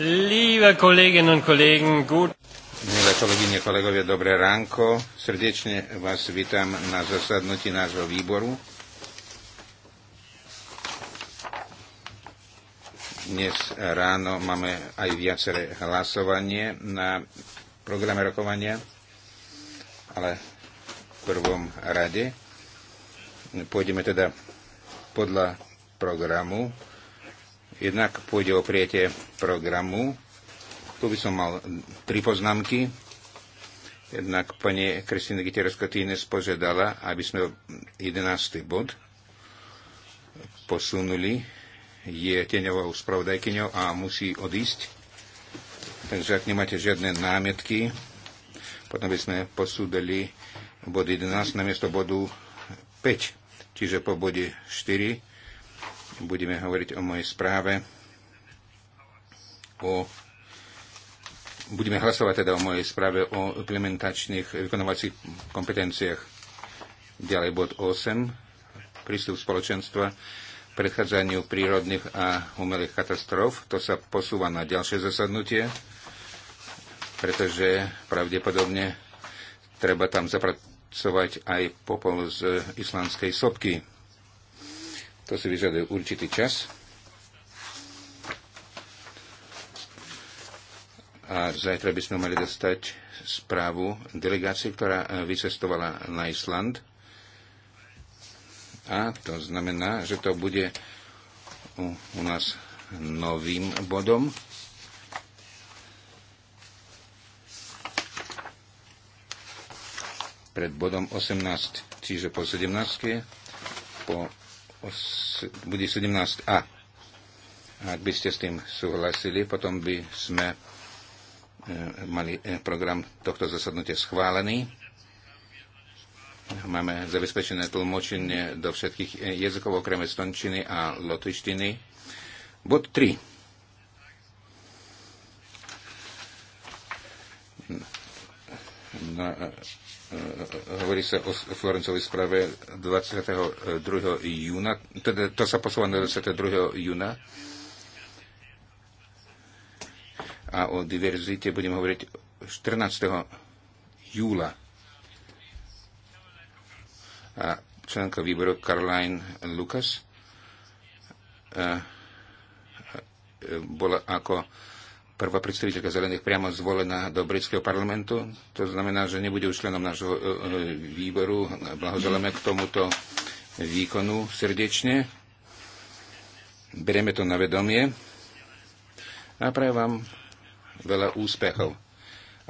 Liebe Kolleginnen und Kollegen, gut. Milé kolegyne, kolegovia, dobré ránko. Srdečne vás vítam na zasadnutí nášho výboru. Dnes ráno máme aj viaceré hlasovanie na programe rokovania, ale v prvom rade pôjdeme teda podľa programu Jednak pôjde o prijatie programu. Tu by som mal tri poznámky. Jednak pani Kristýna Giterovská-Týnes požiadala, aby sme 11. bod posunuli. Je tieňovou spravodajkyňou a musí odísť. Takže ak nemáte žiadne námietky, potom by sme posúdali bod 11 na miesto bodu 5. Čiže po bode 4 budeme hovoriť o mojej správe, o budeme hlasovať teda o mojej správe o implementačných vykonovacích kompetenciách. Ďalej bod 8, prístup spoločenstva predchádzaniu prírodných a umelých katastrof. To sa posúva na ďalšie zasadnutie, pretože pravdepodobne treba tam zapracovať aj popol z islandskej sopky. To si vyžaduje určitý čas. A zajtra by sme mali dostať správu delegácie, ktorá e, vycestovala na Island. A to znamená, že to bude u, u nás novým bodom. Pred bodom 18, čiže po 17, po bude 17a. Ak by ste s tým súhlasili, potom by sme e, mali e, program tohto zasadnutia schválený. Máme zabezpečené tlmočenie do všetkých e, jazykov okrem estončiny a lotištiny. Bod 3. No, Eh, hovorí sa o Florencovej správe 22. júna, teda to sa posúva na 22. júna a o diverzite budeme hovoriť 14. júla. A členka výboru Caroline Lucas eh, eh, bola ako prvá predstaviteľka zelených priamo zvolená do britského parlamentu. To znamená, že nebude už členom nášho e, e, výboru. Blahoželáme k tomuto výkonu srdečne. Bereme to na vedomie a prajem vám veľa úspechov.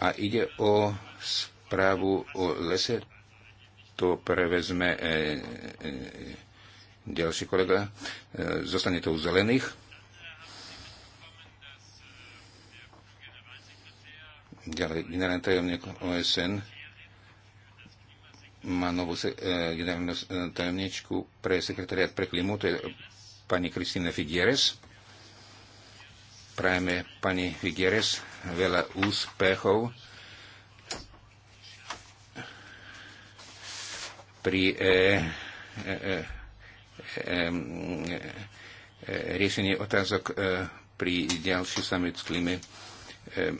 A ide o správu o lese. To prevezme e, e, e ďalší kolega. E, zostane to u zelených. Ďalej, generálny tajomník OSN má novú se, e, generálnu e, tajomničku pre sekretariat pre klimu, to je pani Kristýna Figueres. Prajeme pani Figueres veľa úspechov pri e, e, e, e, e, riešení otázok e, pri ďalší summit E,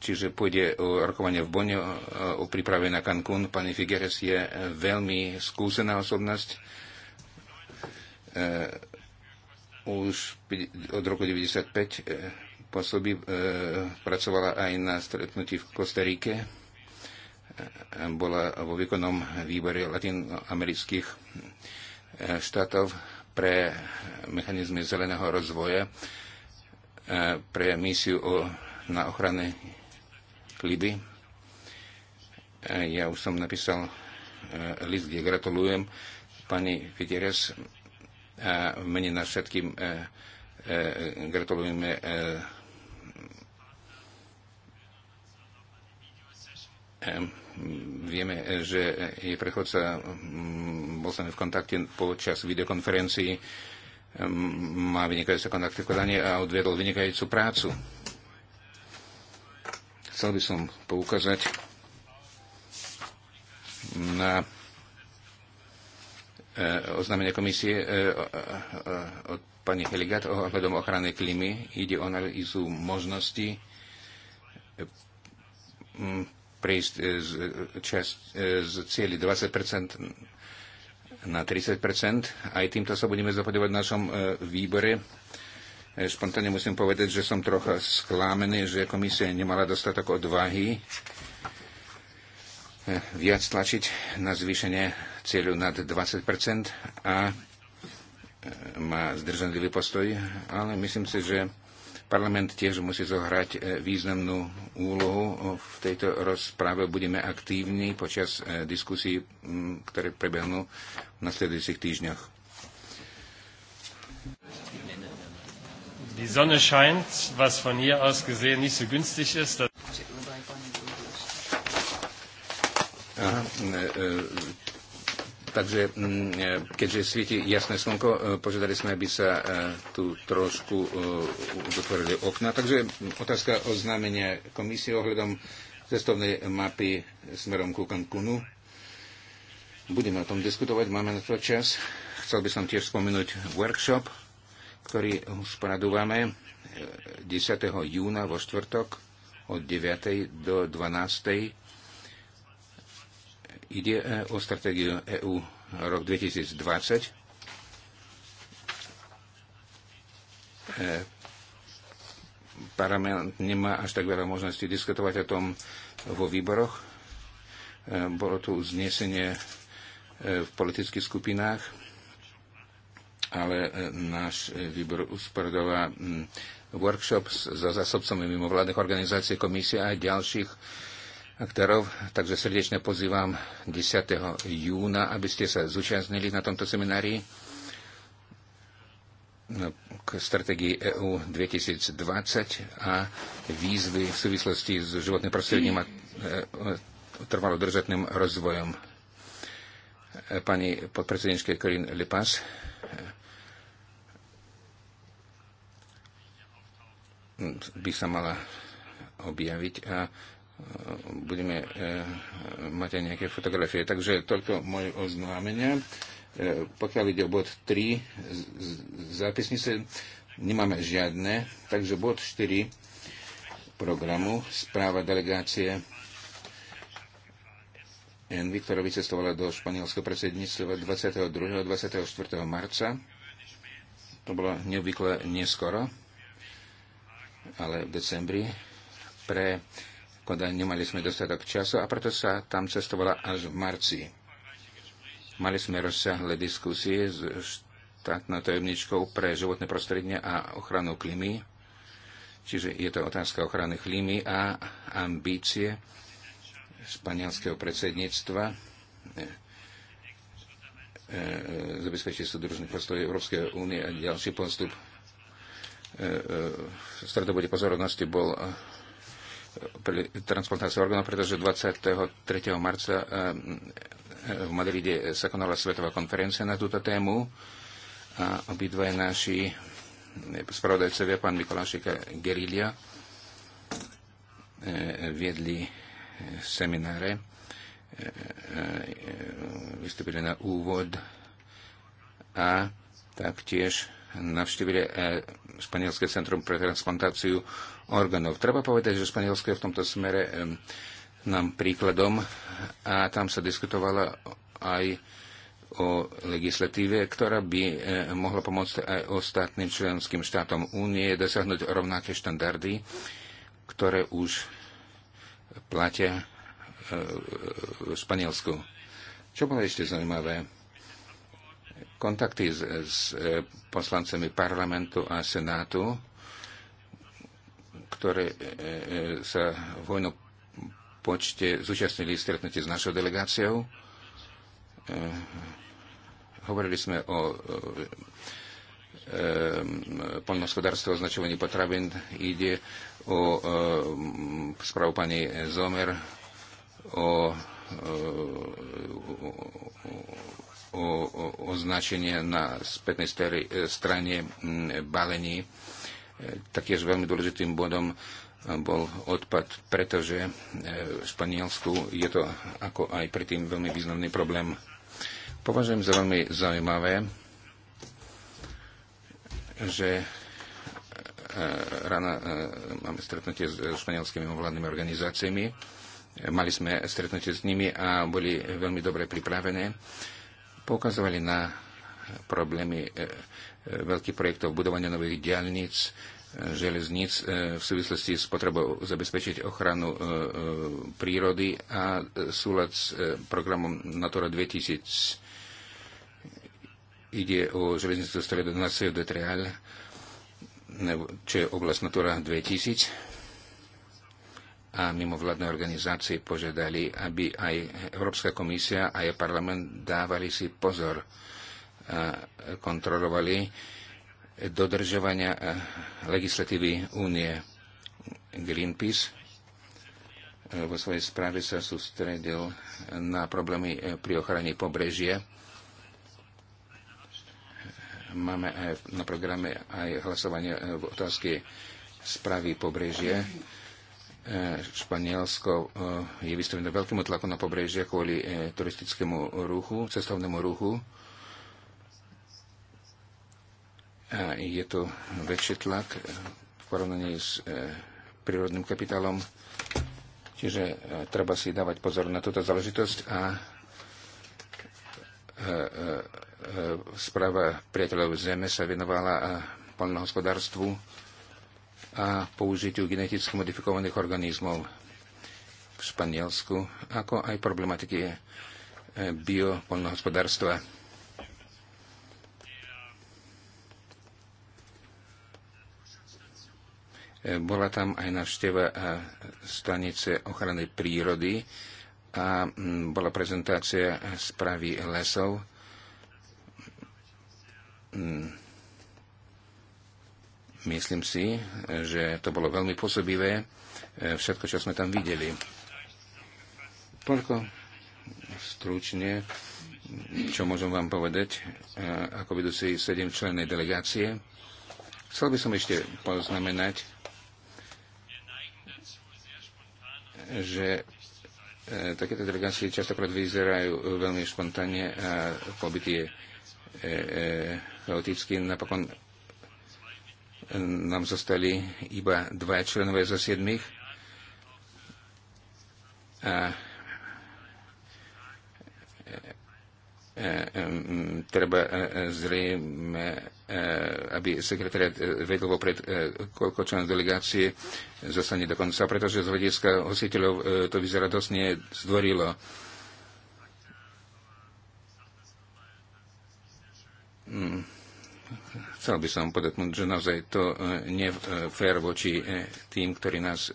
čiže pôjde o rokovanie v Bonne, o príprave na Cancún. Pani Figueres je e, veľmi skúsená osobnosť. E, už od roku 1995 e, pôsobí, pracovala aj na stretnutí v Kostarike. Bola vo výkonnom výbore latinoamerických štátov pre mechanizmy zeleného rozvoja pre misiu o na ochrane Liby. Ja už som napísal eh, list, kde gratulujem pani Fiteres a v mene na všetkým eh, eh, gratulujeme Vieme, že je prechodca mm, bol som v kontakte počas videokonferencii, má vynikajúce kontakty v Kodani a odvedol vynikajúcu prácu. Chcel by som poukázať na e, oznámenie komisie e, e, od pani Heligat ohľadom ochrany klímy. Ide o analýzu možnosti prejsť z, časť, z cieľi 20 na 30 Aj týmto sa budeme zapodovať v našom výbore E, spontánne musím povedať, že som trocha sklámený, že komisia nemala dostatok odvahy e, viac tlačiť na zvýšenie cieľu nad 20 a e, má zdržanlivý postoj, ale myslím si, že parlament tiež musí zohrať významnú úlohu. V tejto rozprave budeme aktívni počas diskusí, ktoré prebehnú v nasledujúcich týždňoch. Die Sonne scheint, was von hier aus gesehen nicht so günstig ist. Aha, e, Takže e, keďže svieti jasné slnko, e, požiadali sme, aby sa tu trošku dotvorili okna. Takže otázka o známenie komisie ohľadom cestovnej mapy smerom ku Cancunu. Budeme o tom diskutovať, máme na to čas. Chcel by som tiež spomenúť workshop ktorý už ponadúvame 10. E, júna vo štvrtok od 9. do 12. Ide e, o stratégiu EU rok 2020. E, parlament nemá až tak veľa možností diskutovať o tom vo výboroch. Bolo tu uznesenie v politických skupinách ale e, náš e, výbor usporadová workshop so zásobcami mimovládnych organizácií, komisie a aj ďalších aktérov, takže srdečne pozývam 10. júna, aby ste sa zúčastnili na tomto seminári no, k strategii EU 2020 a výzvy v súvislosti s životným prostredím a e, trvalodržatným rozvojom. Pani podpredsedničke Karin Lipas. by sa mala objaviť a e, budeme e, mať aj nejaké fotografie. Takže toľko moje oznámenia. E, pokiaľ ide o bod 3 zápisnice, nemáme žiadne, takže bod 4 programu správa delegácie Envy, ktorá vycestovala do španielského predsedníctva 22. a 24. marca. To bolo neobvykle neskoro ale v decembri pre kodá nemali sme dostatok času a preto sa tam cestovala až v marci. Mali sme rozsiahle diskusie s štátnou tajomničkou pre životné prostredie a ochranu klímy, čiže je to otázka ochrany klímy a ambície španielského predsedníctva e, e, zabezpečiť súdružný postoj Európskej únie a ďalší postup v e, e, stredobode pozornosti bol e, pri transplantácii orgánov, pretože 23. marca v Madride sa konala svetová konferencia na túto tému a obidvaja naši spravodajcovia, pán Mikolášik a Gerilia, viedli semináre, vystúpili na úvod a taktiež navštívili eh, Španielské centrum pre transplantáciu orgánov. Treba povedať, že Španielsko je v tomto smere eh, nám príkladom a tam sa diskutovala aj o legislatíve, ktorá by eh, mohla pomôcť aj ostatným členským štátom únie dosiahnuť rovnaké štandardy, ktoré už platia v Španielsku. Čo bolo ešte zaujímavé? Kontakty s, s e, poslancami parlamentu a senátu, ktoré e, e, sa v vojnom počte zúčastnili stretnutie s našou delegáciou. Hovorili sme o poľnohospodárstvo, označovanie potravín, ide o správu pani Zomer, o o, o označenie na spätnej e, strane balení. E, taktiež veľmi dôležitým bodom e, bol odpad, pretože v Španielsku je to ako aj predtým veľmi významný problém. Považujem za veľmi zaujímavé, že rána máme stretnutie s španielskými ovládnymi organizáciami. Mali sme stretnutie s nimi a boli veľmi dobre pripravené poukazovali na problémy e, e, veľkých projektov budovania nových diálnic, e, železníc v súvislosti s potrebou zabezpečiť ochranu prírody a súľad s programom Natura 2000. Ide o železnicu Stredo Nacio de Treal, čo je oblasť Natura 2000 a mimovládne organizácie požiadali, aby aj Európska komisia a aj parlament dávali si pozor, kontrolovali dodržovania e, legislatívy únie. Greenpeace e, vo svojej správe sa sústredil na problémy e, pri ochrane pobrežia. Máme aj na programe aj hlasovanie v otázke správy pobrežia. Španielsko eh, je vystavené veľkému tlaku na pobrežie kvôli eh, turistickému ruchu, cestovnému ruchu. A je to väčší tlak eh, v porovnaní s prírodným kapitálom. Čiže treba si dávať pozor na túto záležitosť a správa priateľov zeme sa venovala poľnohospodárstvu a použitiu geneticky modifikovaných organizmov v Španielsku, ako aj problematiky e, biopolnohospodárstva. E, bola tam aj návšteva e, stanice ochrany prírody a bola prezentácia správy lesov Myslím si, že to bolo veľmi pôsobivé, e, všetko, čo sme tam videli. Toľko stručne, čo môžem vám povedať e, ako si sedem členej delegácie. Chcel by som ešte poznamenať, že e, takéto delegácie častokrát vyzerajú veľmi špontánne a pobyt je chaotický. Napokon nám zostali iba dva členové zo siedmých. A e, e, e, treba zrejme, aby sekretariat vedel vopred, koľko členov delegácie zostane do konca, pretože z hľadiska hostiteľov to vyzerá dosť nezdvorilo. Mm. Chcel by som podotknúť, že naozaj to e, nie je e, fér voči e, tým, ktorí nás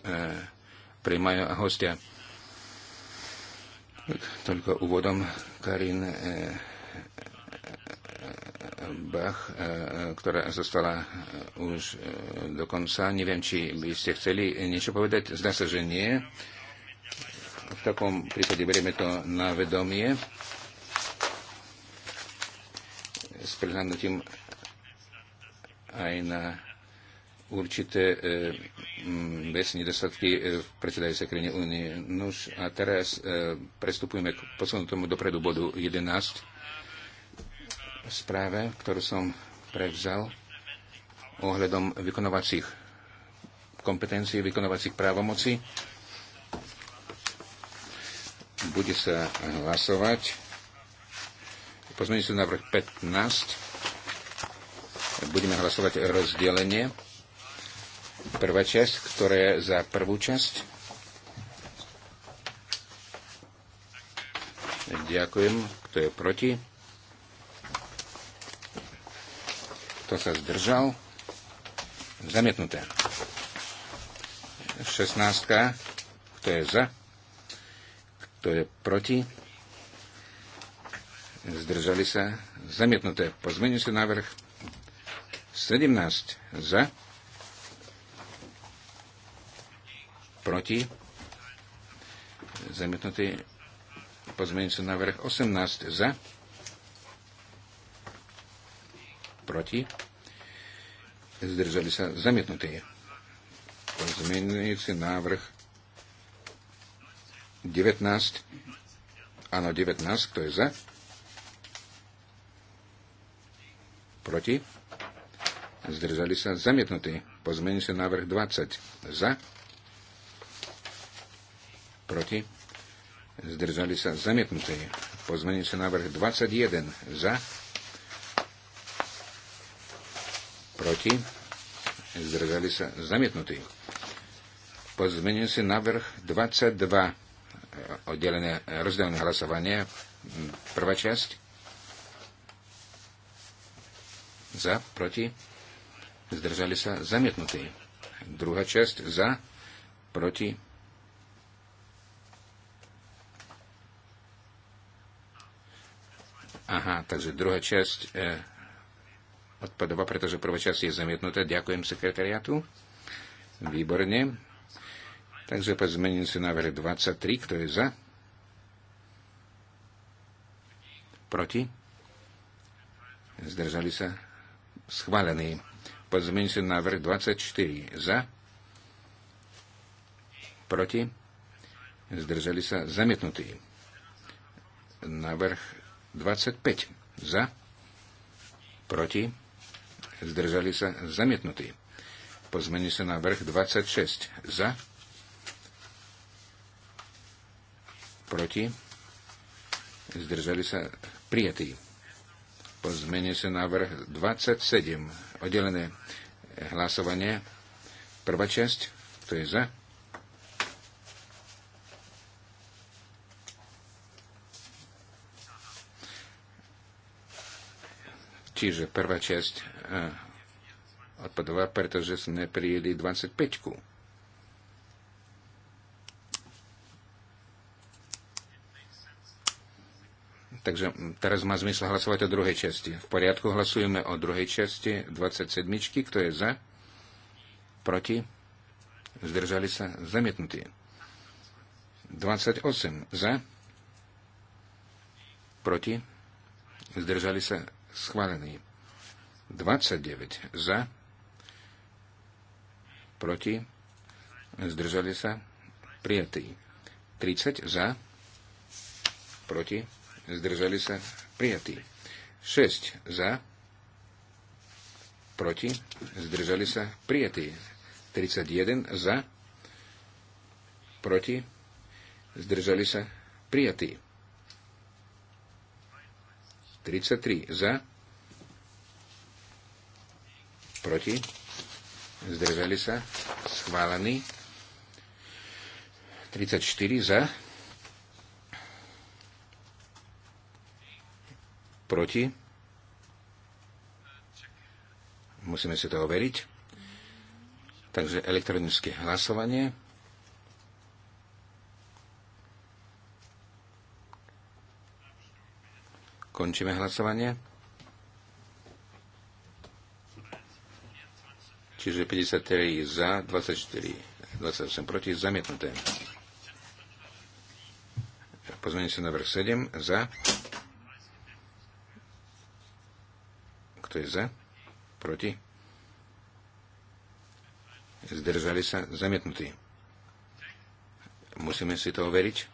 prijmajú a hostia. Toľko úvodom Karin Bach, ktorá zostala už do konca. Neviem, či by ste chceli niečo povedať. Zdá sa, že nie. V takom prípade berieme to na vedomie s prihľadnutím aj na určité e, eh, mm, vecné nedostatky eh, v predsedajúcej krajine únie. Nož a teraz e, prestupujeme k posunutému dopredu bodu 11 správe, ktorú som prevzal ohľadom vykonovacích kompetencií, vykonovacích právomocí. Bude sa hlasovať. Pozmeniť sa návrh 15 Budeme hlasovať rozdelenie. Prvá časť, ktorá je za prvú časť. Ďakujem. Kto je proti? Kto sa zdržal? Zamietnuté. 16. Kto je za? Kto je proti? Zdržali sa? Zamietnuté. Pozmenil sa návrh 17 za, proti, zamietnutý pozmeňujúci návrh 18 za, proti, zdržali sa zamietnutý pozmeňujúci návrh 19, áno 19, kto je za, proti, zdržali sa, zamietnutí. zamietnutý. sa návrh 20 za, proti, zdržali sa, zamietnutí. zamietnutý. sa návrh 21 za, proti, zdržali sa, zamietnutí. zamietnutý. sa návrh 22 oddelené rozdelené hlasovanie, prvá časť, za, proti, zdržali sa zamietnutí. Druhá časť za, proti, Aha, takže druhá časť e, odpadová, pretože prvá časť je zamietnutá. Ďakujem sekretariatu. Výborne. Takže zmením si návrh 23, kto je za? Proti? Zdržali sa? Schválený. Pozmeňujúci návrh 24 za. Proti. Zdržali sa zamietnutí. Návrh 25 za. Proti. Zdržali sa zamietnutí. Pozmeňujúci návrh 26 za. Proti. Zdržali sa prijatí sa návrh 27. Oddelené hlasovanie. Prvá časť. Kto je za? Čiže prvá časť eh, odpadová, pretože sme prijeli 25. -ku. Takže teraz má zmysel hlasovať o druhej časti. V poriadku hlasujeme o druhej časti 27. Kto je za? Proti? Zdržali sa? Zamietnutí. 28. Za? Proti? Zdržali sa? Schválení. 29. Za? Proti? Zdržali sa? Prijatí. 30. Za? Proti? zdržali sa, prijatý. 6 za, proti, zdržali sa, prijatý. 31 za, proti, zdržali sa, prijatý. 33 za, proti, zdržali sa, schválený. 34 za, Proti? Musíme si to overiť. Takže elektronické hlasovanie. Končíme hlasovanie. Čiže 53 za, 24, 28 proti, zamietnuté. Pozmeňujem sa vrch 7 za Kto je za? Proti? Zdržali sa zamietnutí. Musíme si to overiť.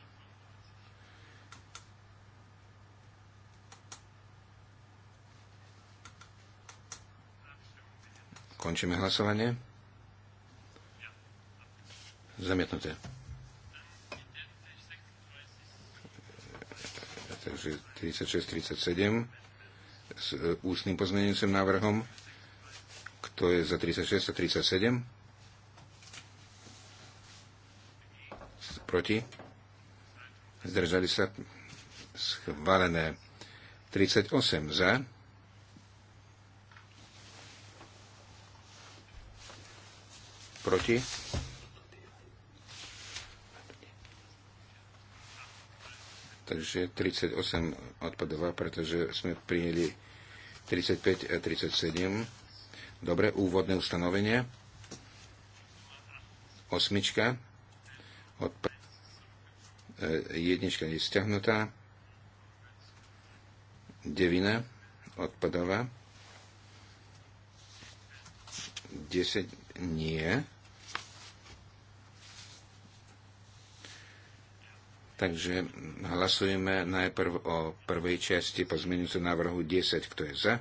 Končíme hlasovanie. Zamietnuté. Takže 36-37 s e, ústnym pozmeňujúcim návrhom. Kto je za 36 a 37? Proti? Zdržali sa schválené 38 za. Proti? takže 38 odpadová, pretože sme prijeli 35 a 37. Dobre, úvodné ustanovenie. Osmička. Odpad... E, jednička je stiahnutá. Devina odpadová. 10 nie. Takže hlasujeme najprv o prvej časti pozmeňujúceho návrhu 10. Kto je za?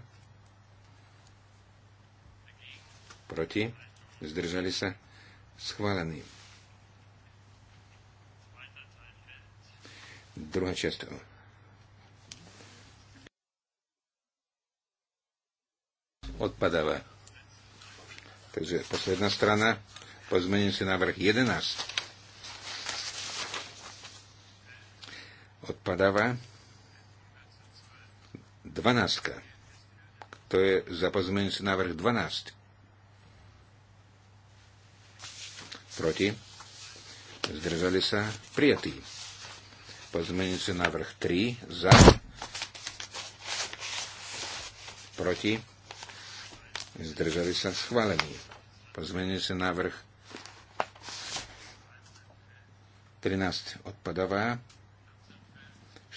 Proti? Zdržali sa? Schválený. Druhá časť. Odpadáva. Takže posledná strana. Pozmením si návrh 11. odpadáva. Dvanáctka. To je za pozmeňujúci návrh 12. Proti. Zdržali sa prijatí. Pozmeňujúci návrh 3 za. Proti. Zdržali sa schválení. Pozmeňujúci návrh 13 odpadová.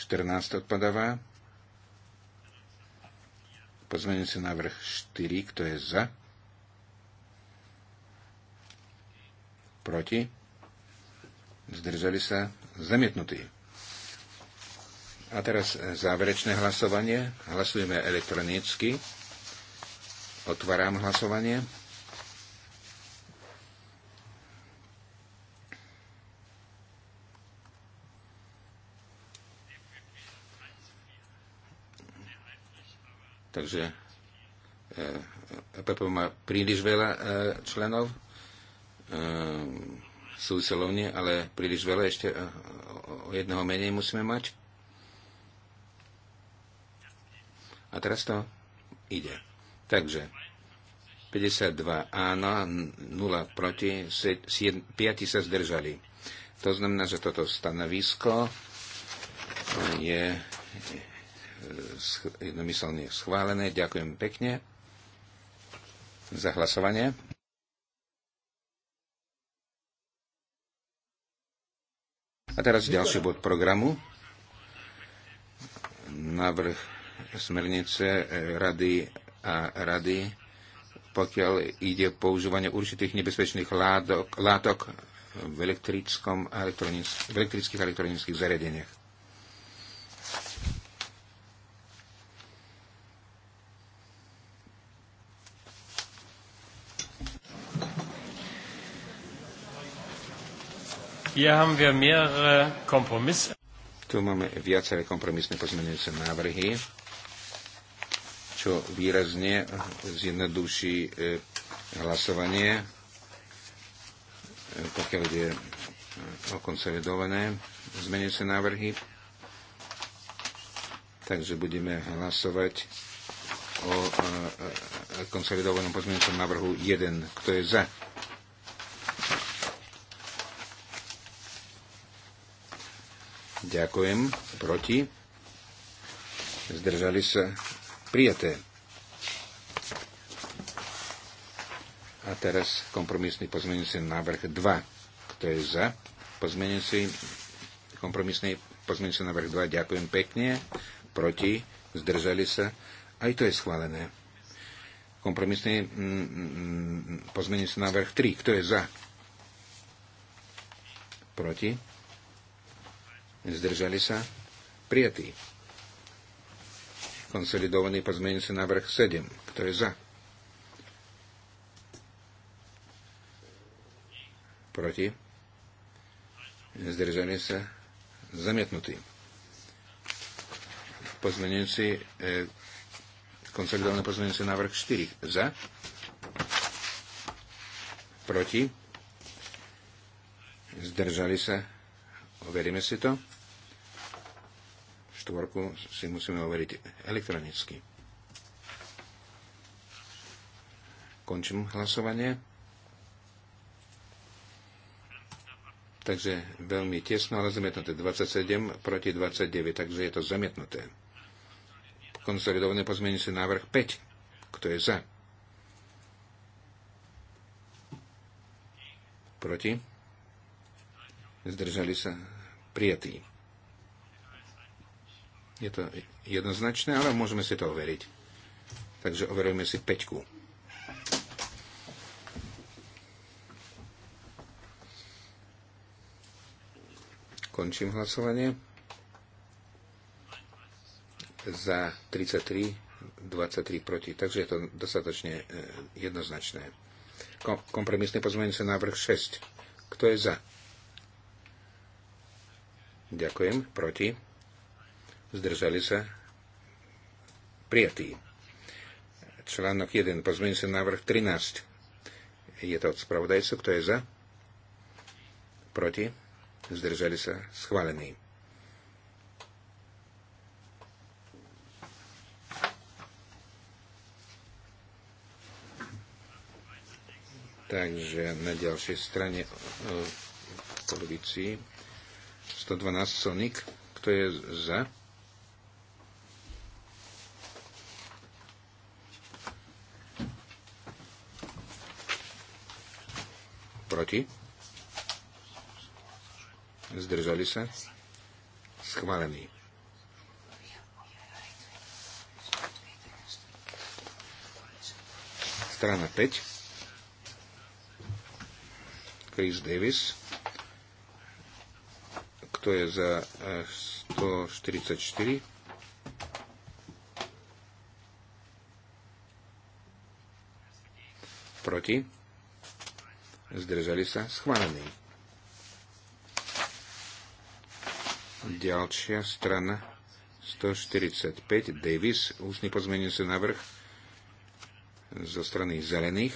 14 odpadáva. Pozmením Pozmeňujúci návrh 4, kto je za? Proti? Zdržali sa? Zamietnutý. A teraz záverečné hlasovanie. Hlasujeme elektronicky. Otváram hlasovanie. Takže e, EPP má príliš veľa e, členov, e, sú celovne, ale príliš veľa ešte o jedného menej musíme mať. A teraz to ide. Takže 52 áno, 0 proti, 5 sa zdržali. To znamená, že toto stanovisko je jednomyselne schválené. Ďakujem pekne za hlasovanie. A teraz ďalší bod programu. Návrh smernice eh, Rady a Rady, pokiaľ ide používanie určitých nebezpečných látok, látok v, elektrickom v elektrických a elektronických zariadeniach. Hier haben wir mehrere Kompromisse. Tu máme viaceré kompromisné pozmeňujúce návrhy, čo výrazne zjednoduší e, hlasovanie, e, pokiaľ ide e, o konsolidované zmenujúce návrhy. Takže budeme hlasovať o konsolidovanom pozmeňujúcom návrhu 1. Kto je za? Ďakujem. Proti? Zdržali sa. Prijaté. A teraz kompromisný pozmeňujúci návrh 2. Kto je za? Pozmeňujúci kompromisný pozmeňujúci návrh 2. Ďakujem pekne. Proti? Zdržali sa. Aj to je schválené. Kompromisný mm, mm, mm, pozmeňujúci návrh 3. Kto je za? Proti? Zdržali sa? Prijatý. Konsolidovaný pozmeňujúci návrh 7. Kto je za? Proti? Zdržali sa? Zamietnutý. Pozmeňujúci e, konsolidovaný pozmeňujúci návrh 4. Za? Proti? Zdržali sa? Overíme si to štvorku si musíme overiť elektronicky. Končím hlasovanie. Takže veľmi tesno, ale zamietnuté 27 proti 29, takže je to zamietnuté. Konsolidované pozmeniť si návrh 5. Kto je za? Proti? Zdržali sa prijatí. Je to jednoznačné, ale môžeme si to overiť. Takže overujeme si peťku. Končím hlasovanie. Za 33, 23 proti. Takže je to dostatočne e, jednoznačné. Kompromisný pozmeňujúci návrh 6. Kto je za? Ďakujem. Proti? zdržali sa, prijatý. Článok 1, sa návrh 13. Je to od spravodajcu, kto je za? Proti? Zdržali sa, schválený. Takže na ďalšej strane e, v polovici 112 Sonik, kto je za? Proti? Zdržali sa? Schválený. Strana 5. Chris Davis. Kto je za 144? Eh, proti? zdržali sa, schválení. Ďalšia strana 145, Davis, ústny pozmenujúci návrh zo strany zelených.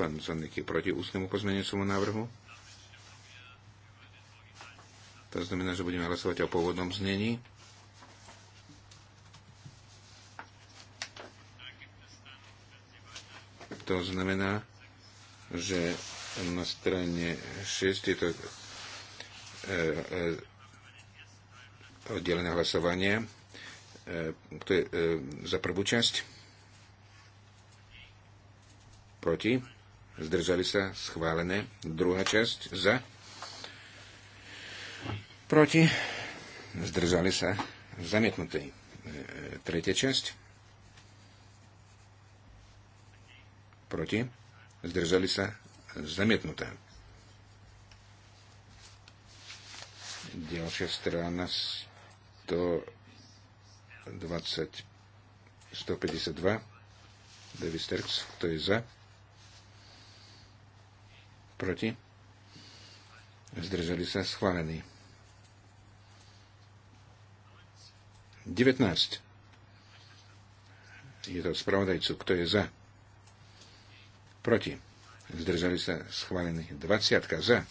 Pán Zanik je proti ústnemu pozmenujúcemu návrhu. To znamená, že budeme hlasovať o pôvodnom znení. To znamená, že na strane 6 je to e, e, oddelené hlasovanie, e, kto je, e, za prvú časť, proti, zdržali sa, schválené, druhá časť, za, Proti? Zdržali sa. zamietnutej e, Tretia časť. Proti? Zdržali sa. Zamietnutá. Ďalšia strana 120, 152. Davis Terks, kto je za? Proti? Zdržali sa schválený. 19. Je to spravodajcu, kto je za. Proti. Zdržali sa schválení. 20 za.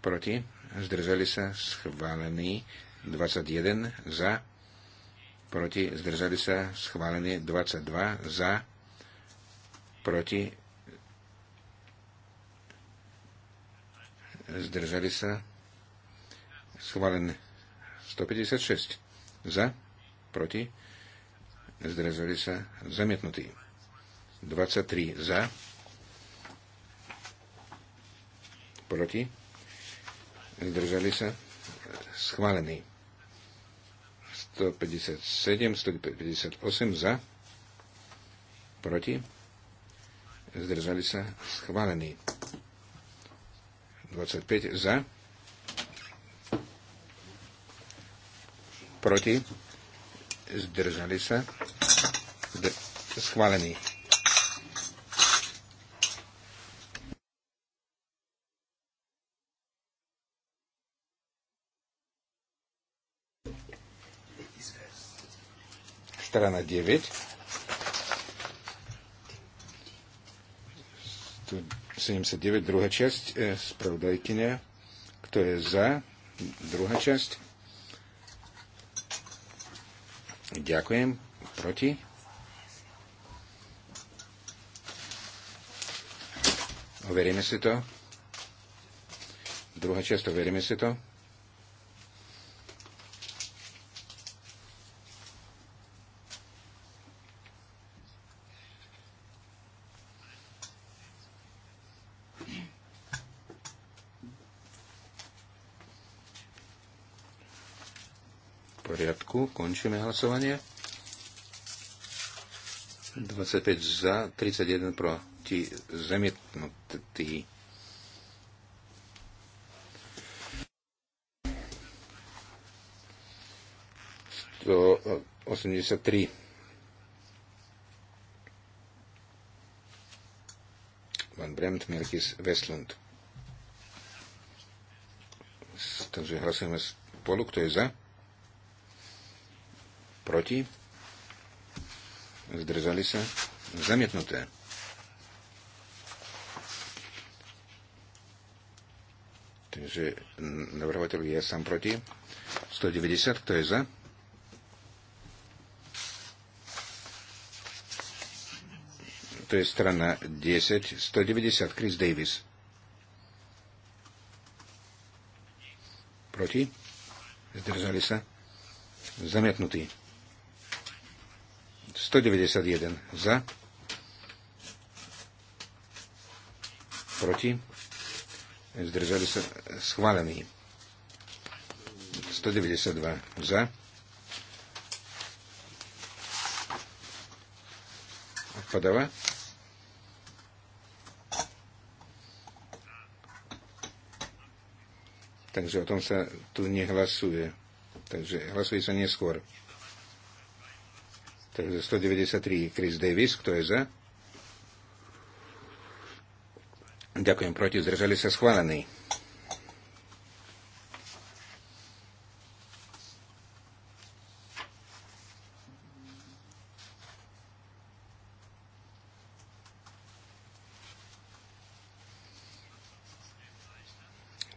Proti. Zdržali sa schválení. 21 za. Proti. Zdržali sa schválení. 22 za. Proti. Zdržali sa schválení. 156 za, proti, zdržali sa zamietnutí. 23 za, proti, zdržali sa schválení. 157, 158 za, proti, zdržali sa schválení. 25 za, proti, zdržali sa, schválený. Strana 9. 79, druhá časť, eh, spravodajkynia. Kto je za? Druhá časť. Ďakujem. Proti? Overíme si to. Druhá časť, overíme si to. Končíme hlasovanie. 25 za, 31 proti, zamietnutý. To 83. Van Bremt, Merkis, Westlund. Takže hlasujeme spolu, kto je za proti, zdržali sa, zamietnuté. Takže navrhovateľ je sám proti. 190, kto je za? To je strana 10, 190, Chris Davis. Proti? Zdržali sa? Zamietnutý. 191 za, proti, zdržali sa schválení. 192 za, odpadáva. Takže o tom sa tu nehlasuje. Takže hlasuje sa neskôr. Takže 193 Chris Davis, kto je za? Ďakujem proti, zdržali sa schválení.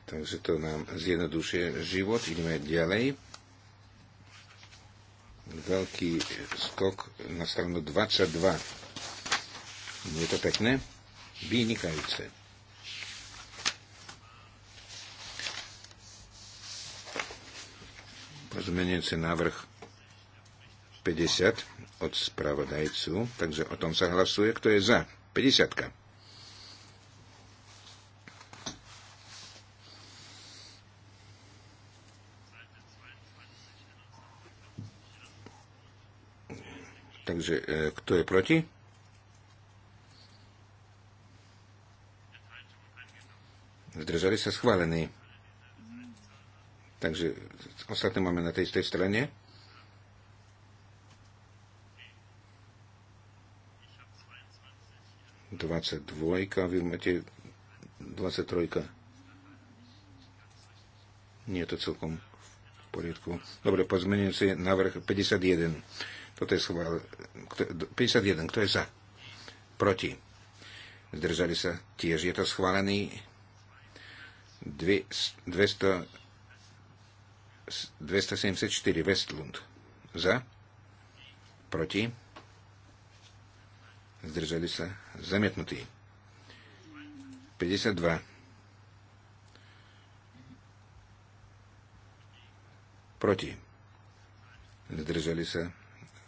Takže to nám zjednodušuje život. Ideme ďalej veľký skok na stranu 22. Nie je to pekné? Vynikajúce. Pozmenujúce návrh 50 od spravodajcu, takže o tom sa hlasuje, kto je za. 50. -ka. Takže e, kto je proti? Zdržali sa schválení. Takže ostatné máme na tej istej strane. Dvadsať dvojka, vy máte dvadsať trojka. Nie je to celkom v poriadku. Dobre, si návrh 51. Toto je schvál. 51. Kto je za? Proti. Zdržali sa. Tiež je to schválený. 274 Westlund. Za? Proti? Zdržali sa. Zamietnutý. 52. Proti. Zdržali sa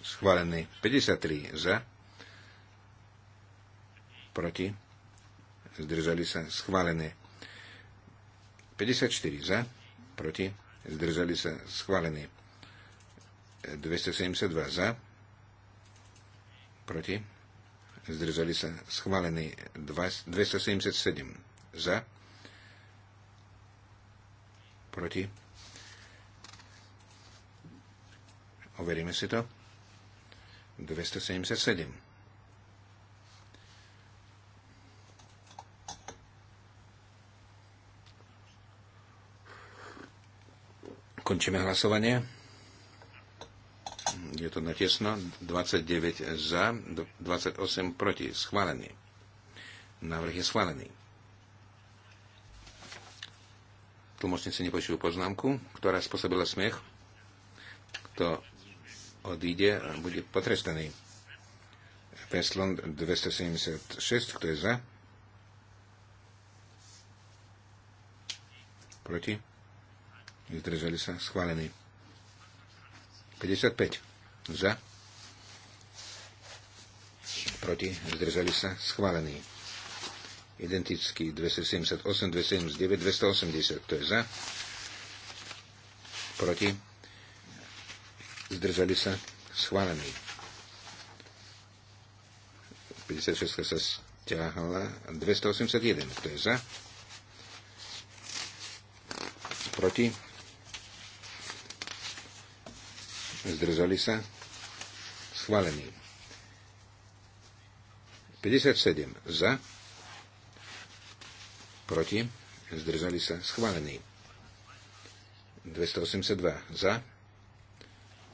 schválený. 53 za, proti, zdržali sa, schválené. 54 za, proti, zdržali sa, schválené. 272 za, proti, zdržali sa, schválené. 277 za, proti, overíme si to. 277. Končíme hlasovanie. Je to natesno. 29 za, 28 proti. Schválený. Návrh je schválený. Tlmočníci nepočujú poznámku, ktorá spôsobila smiech. Kto odíde a bude potrestaný. Peslon 276, kto je za? Proti? Zdržali sa? Schválený. 55. Za? Proti? Zdržali sa? Schválený. Identický 278, 279, 280. Kto je za? Proti? zdržali sa, schválený. 56 sa stiahla, 281, kto je za, proti, zdržali sa, schválený. 57 za, proti, zdržali sa, schválený. 282 za,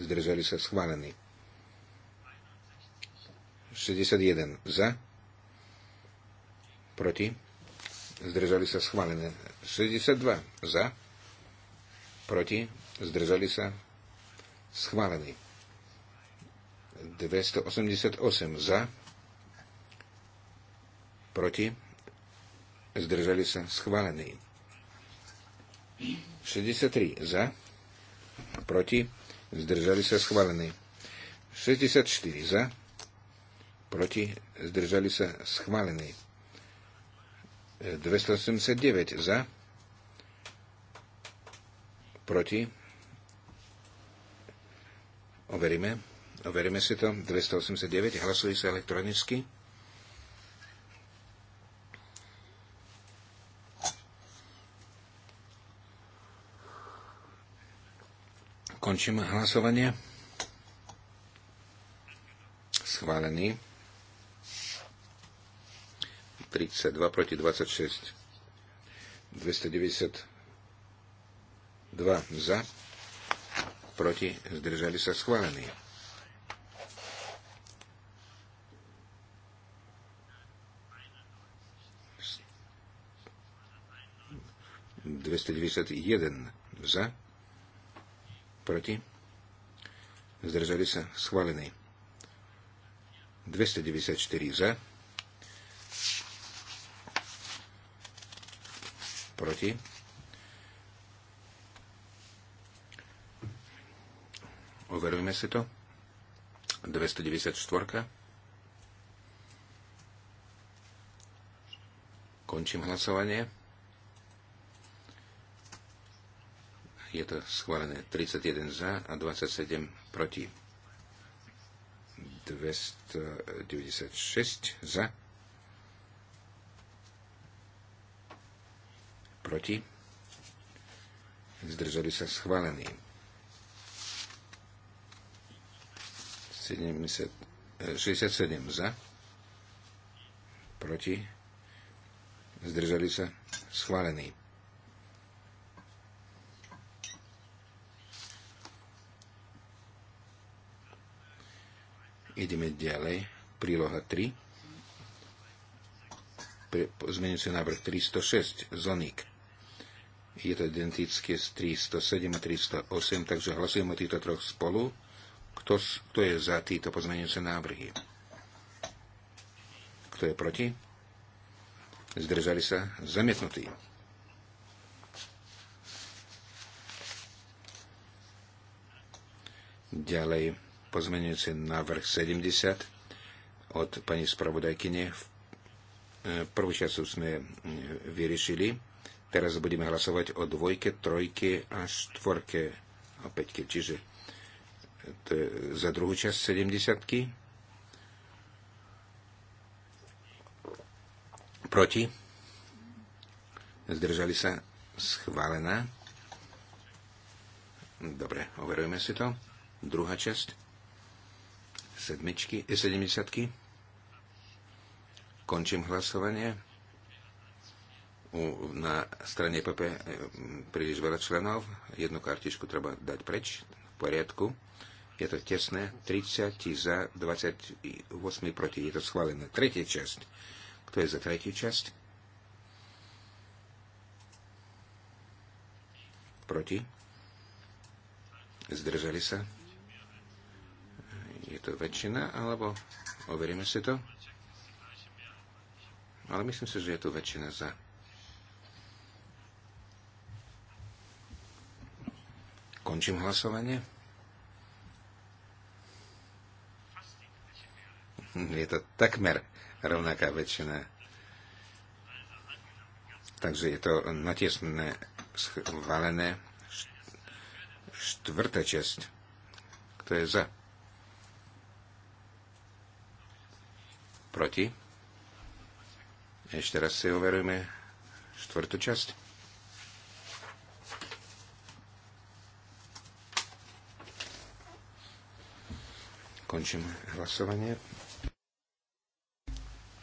zdržali sa schválení. 61 za, proti, zdržali sa schválené. 62 za, proti, zdržali sa schválený. 288 za, proti, zdržali sa schválený. 63 za, proti, zdržali sa schválení. 64 za, proti, zdržali sa schválení. 289 za, proti, overíme, overíme si to, 289, hlasuje sa elektronicky. Končím hlasovanie. Schválený. 32 proti 26. 292 za. Proti zdržali sa schválení. Dvestodeväťdesiatjeden za proti, zdržali sa, schválený. 294 za, proti, overujme si to, 294 Končím hlasovanie. je to schválené. 31 za a 27 proti. 296 za. Proti. Zdržali sa schválení. 67 e, za. Proti. Zdržali sa schválení. Ideme ďalej. Príloha 3. Zmenujúci návrh 306. Zonik. Je to identické s 307 a 308, takže hlasujeme o týchto troch spolu. Kto, kto je za títo pozmenujúce návrhy? Kto je proti? Zdržali sa? Zamietnutí. Ďalej Pozmenujúci návrh 70 od pani spravodajkyne. E, prvú času sme e, vyriešili. Teraz budeme hlasovať o dvojke, trojke a štvorke a peťke. Čiže to je za druhú časť 70 Proti? Zdržali sa? Schválená. Dobre, overujeme si to. Druhá časť sedmičky, 70. Eh, Končím hlasovanie. U, na strane PP eh, príliš veľa členov. Jednu kartičku treba dať preč. V poriadku. Je to tesné. 30 za 28 proti. Je to schválené. Tretia časť. Kto je za tretiu časť? Proti? Zdržali sa? Je to väčšina, alebo overíme si to? Ale myslím si, že je to väčšina za. Končím hlasovanie. Je to takmer rovnaká väčšina. Takže je to natiesné, schválené. Štvrtá časť. Kto je za? Proti? Ešte raz si overujeme štvrtú časť. Končím hlasovanie.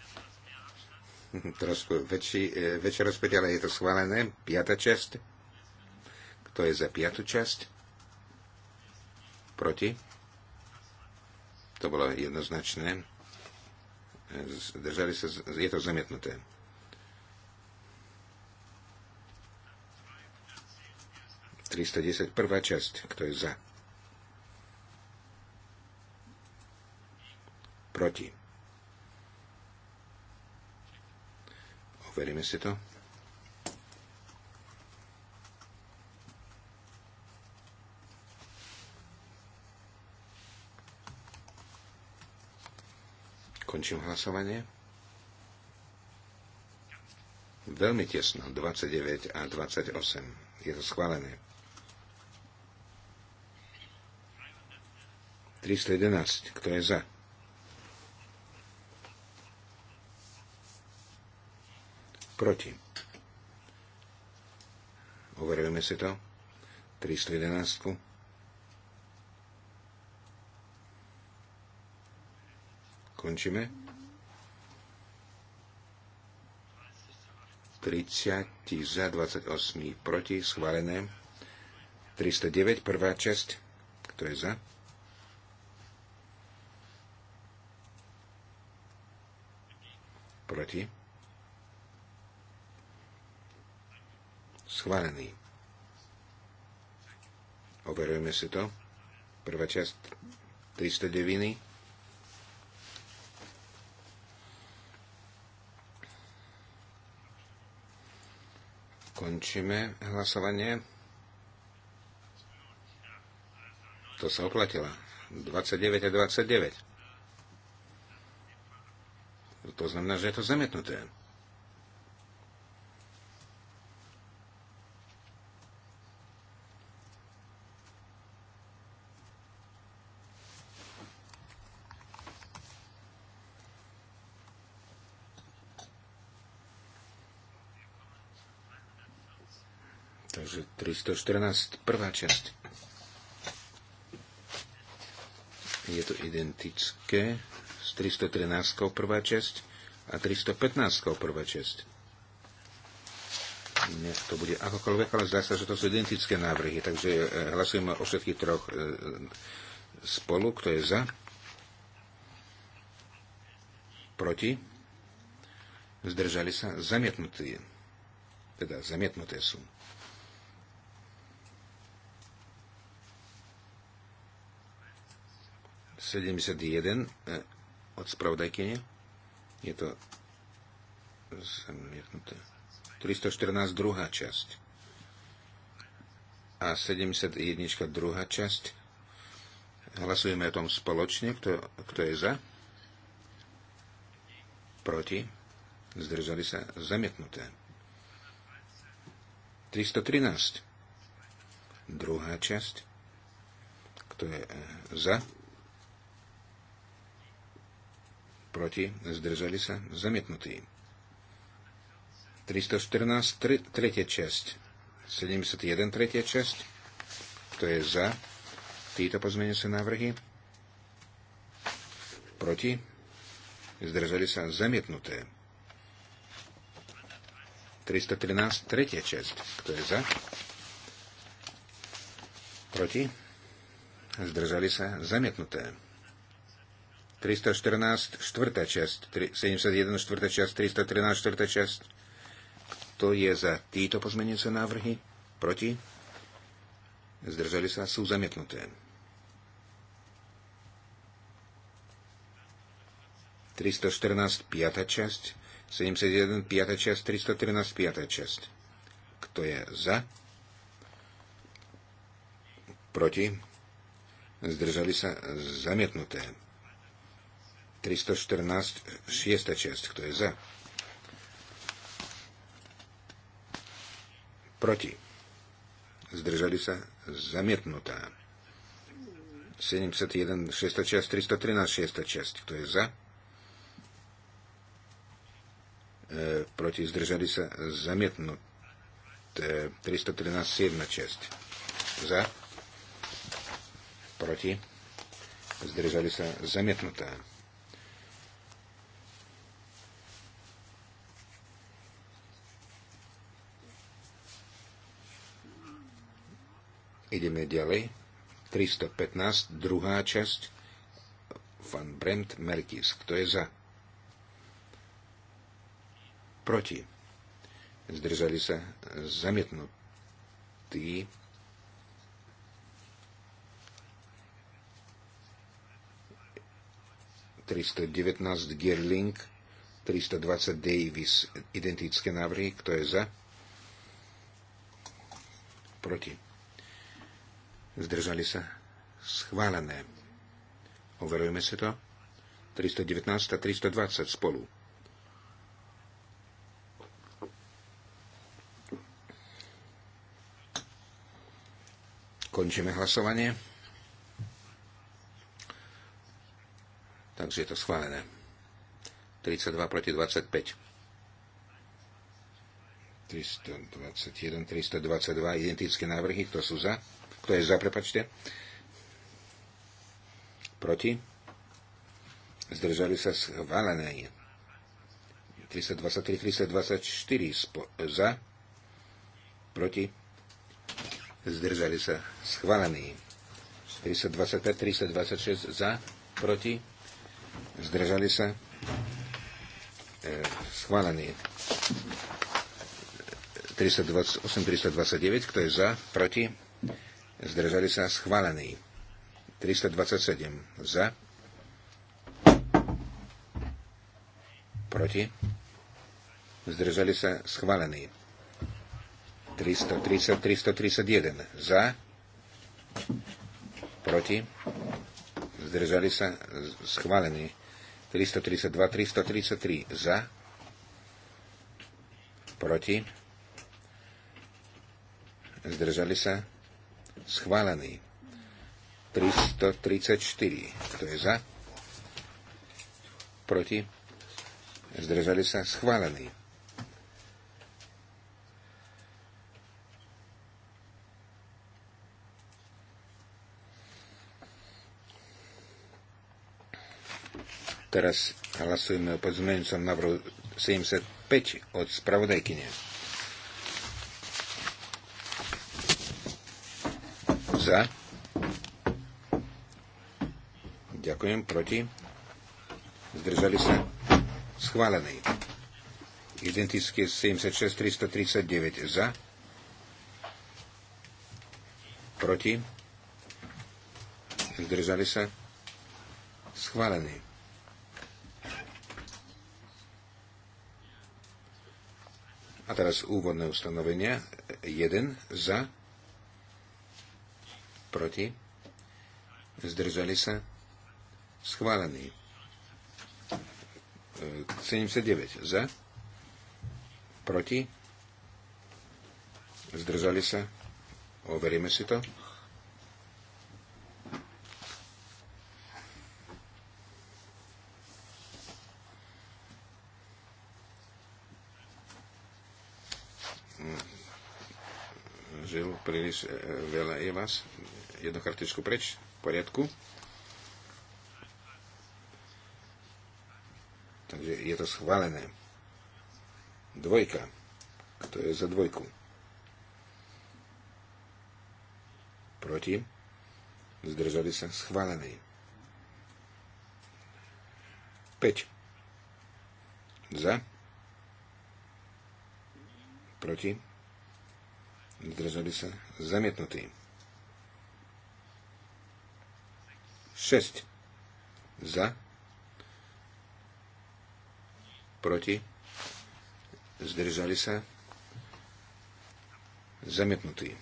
Trošku väčší, e, väčšie rozpäť, ale je to schválené. Piata časť. Kto je za piatu časť? Proti? To bolo jednoznačné. Zdržali sa, je to zamietnuté. Tristo prvá časť, kto je za? Proti. Overíme si to. Končím hlasovanie. Veľmi tesno, 29 a 28. Je to schválené. 311, kto je za? Proti. Overujeme si to. 311. Končíme. 30 za 28 proti, schválené. 309, prvá časť. Kto je za? Proti. Schválený. Overujeme si to. Prvá časť 309. Končíme hlasovanie. To sa oplatila. 29 a 29. To znamená, že je to zametnuté. 114, prvá časť. Je to identické s 313, prvá časť a 315, prvá časť. Nech to bude akokoľvek, ale zdá sa, že to sú identické návrhy, takže e, hlasujeme o všetkých troch e, spolu. Kto je za? Proti? Zdržali sa? Zamietnutí. Teda zamietnuté sú. 71 e, od spravodajkyne. Je to zamietnuté. 314 druhá časť. A 71 druhá časť. Hlasujeme o tom spoločne. Kto, kto je za? Proti? Zdržali sa zamietnuté. 313. Druhá časť. Kto je e, za? proti, zdržali sa, zamietnutí. 314, tre, časť, 71, 3. časť, kto je za títo pozmeňujúce návrhy, proti, zdržali sa, zamietnuté. 313, 3. časť, kto je za, proti, zdržali sa, zamietnuté. 314, 4. časť, 71, 4. časť, 313, 4. časť. Kto je za týto pozmenujúce návrhy? Proti? Zdržali sa? Sú zamietnuté. 314, 5. časť, 71, 5. časť, 313, 5. časť. Kto je za? Proti? Zdržali sa? Zamietnuté. 314, šiesta časť. Kto je za? Proti. Zdržali sa zamietnutá. 71, 6. časť, 313, 6. časť. Kto je za? E, proti zdržali sa Zamietnutá. 313, 7. časť. Za? Proti? Zdržali sa zamietnutá. Ideme ďalej. 315, druhá časť. Van Bremt Merkis. Kto je za? Proti. Zdržali sa zamietnutí. devetnáct. девятнадцать Tristo 320 Davis. identické návrhy, Kto je za? Proti. Zdržali sa. Schválené. Overujme si to. 319 a 320 spolu. Končíme hlasovanie. Takže je to schválené. 32 proti 25. 321, 322 identické návrhy, kto sú za? Kto je za, prepačte? Proti? Zdržali sa schválené. 323, 324 za, proti, zdržali sa schválení. 325, 326 za, proti, zdržali sa e, 328, 329, kto je za, proti, zdržali sa schválený. 327 za, proti, zdržali sa schválení. 330, 331 za, proti, zdržali sa schválení. 332, 333 za, proti, zdržali sa Schválený. 334. Kto je za? Proti? Zdržali sa? Schválený. Teraz hlasujeme o podzmenujúcom návrhu 75 od spravodajkyne. za. Ďakujem. Proti. Zdržali sa. Schválený. Identicky 76 339 za. Proti. Zdržali sa. Schválený. A teraz úvodné ustanovenia. 1 za proti, zdržali sa, schválený. 79 e, za, proti, zdržali sa, overíme si to. žil, príliš e, veľa je vás jednu kartičku preč. V poriadku. Takže je to schválené. Dvojka. Kto je za dvojku? Proti? Zdržali sa schválený. 5. Za? Proti? Zdržali sa zamietnutý. 6 za, proti, zdržali sa, zamietnutý.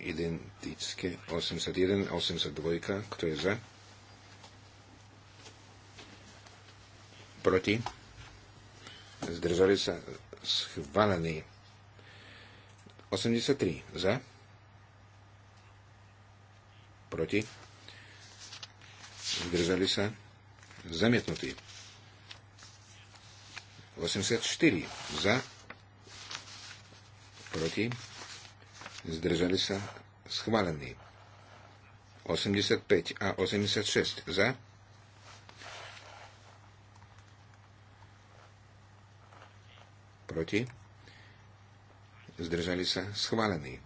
Identické 81 82, kto je za? Proti? Zdržali sa schválený 83 za. Proti. Zdržali sa. Zamietnutí. 84 za. Proti. Zdržali sa. Schválení. 85 a 86 za. Proti zdržali sa, schválený.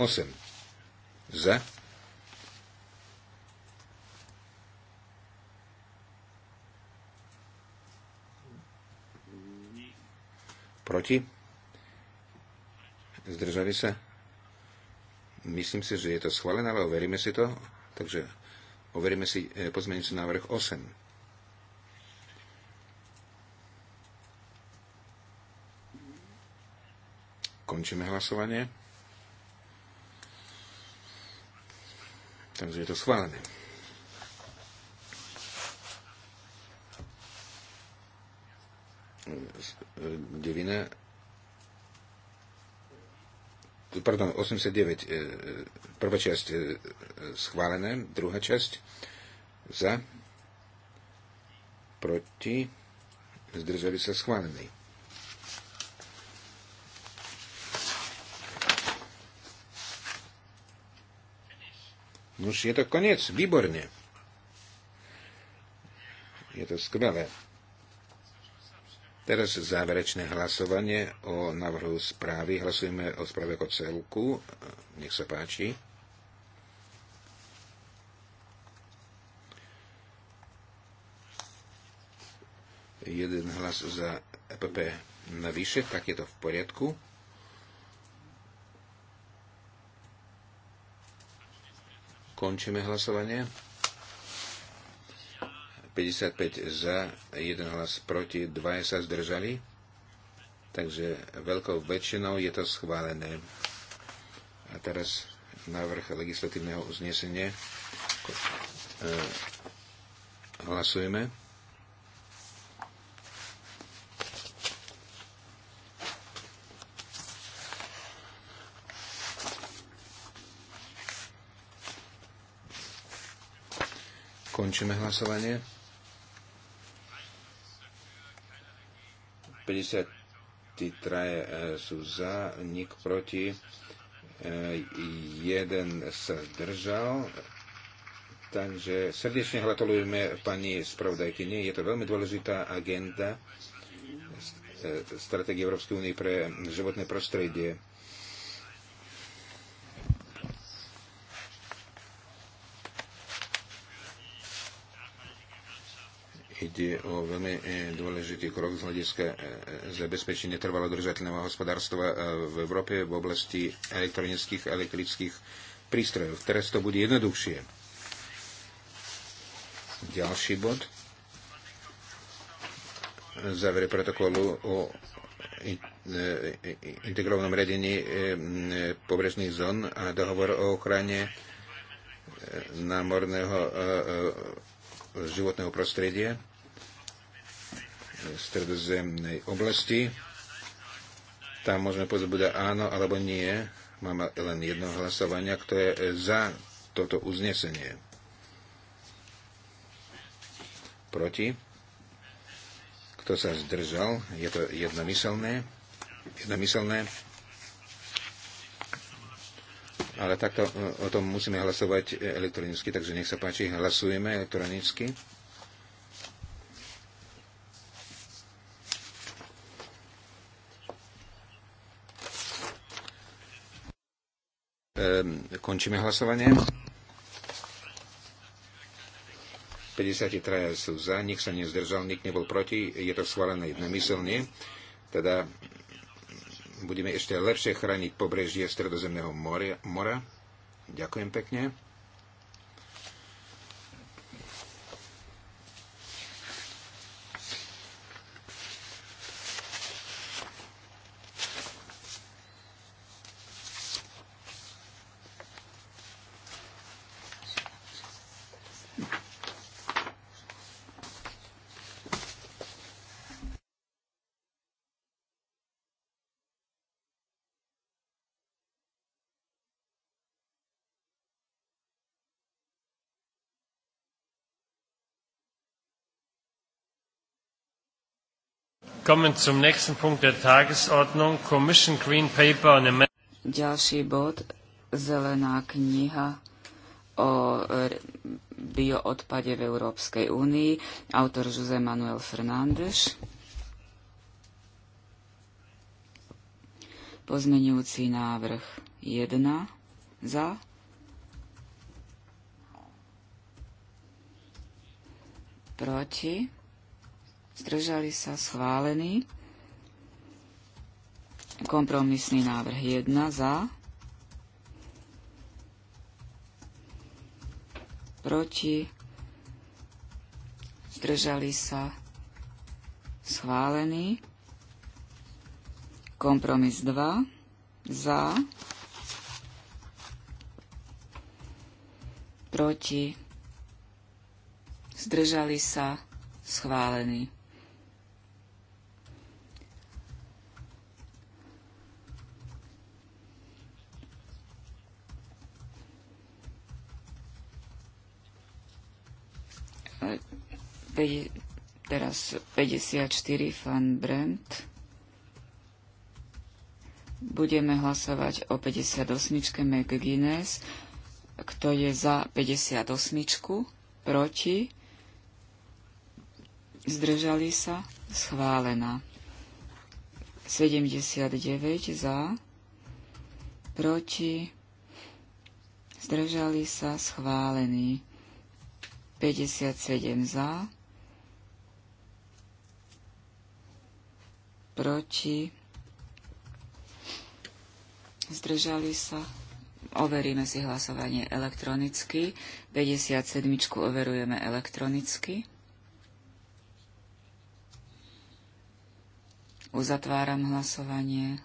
Osem. Za. Proti. Zdržali sa. Myslím si, že je to schválené, ale overíme si to. Takže overíme si eh, pozmeňujúci návrh 8. Končíme hlasovanie. Takže je to schválené. Devina pardon, 89 e, e, prvá časť e, schválená, druhá časť za proti zdržali sa schválenej. Už je to koniec. Výborne. Je to skvelé. Teraz záverečné hlasovanie o návrhu správy. Hlasujeme o správe ako celku. Nech sa páči. Jeden hlas za EPP navyše, tak je to v poriadku. Končíme hlasovanie. 55 za, 1 hlas proti, 2 sa zdržali. Takže veľkou väčšinou je to schválené. A teraz návrh legislatívneho uznesenia. E, hlasujeme. Končíme hlasovanie. 53 e, sú za, nik proti, e, jeden sa držal. Takže srdečne gratulujeme pani spravodajkyni. Je to veľmi dôležitá agenda e, strategie Európskej únie pre životné prostredie. ide o veľmi e, dôležitý krok z hľadiska e, e, zabezpečenia trvalo držateľného hospodárstva v Európe v oblasti elektronických a elektrických prístrojov. Teraz to bude jednoduchšie. Ďalší bod. Závere protokolu o integrovanom riadení pobrežných zón a dohovor o ochrane námorného životného prostredia stredozemnej oblasti. Tam môžeme povedať bude áno alebo nie. Máme len jedno hlasovanie, ktoré je za toto uznesenie. Proti? Kto sa zdržal? Je to jednomyselné? Jednomyselné? Ale takto e, o tom musíme hlasovať e, elektronicky, takže nech sa páči, hlasujeme elektronicky. Ehm, končíme hlasovanie. 53 sú za, nik sa nezdržal, nik nebol proti, je to schválené jednomyselne. Teda budeme ešte lepšie chrániť pobrežie Stredozemného mora. Ďakujem pekne. Kommen zum nächsten Punkt der Tagesordnung, Commission Green Paper on Ďalší bod, zelená kniha o bioodpade v Európskej únii, autor José Manuel Fernández. Pozmenujúci návrh 1 za. Proti zdržali sa, schválený. Kompromisný návrh 1 za, proti, zdržali sa, schválený. Kompromis 2 za, proti, zdržali sa, schválený. teraz 54 fan Brent. Budeme hlasovať o 58. McGuinness. Kto je za 58. Proti? Zdržali sa? Schválená. 79 za. Proti? Zdržali sa? Schválený. 57 za proti, zdržali sa. Overíme si hlasovanie elektronicky. 57. overujeme elektronicky. Uzatváram hlasovanie.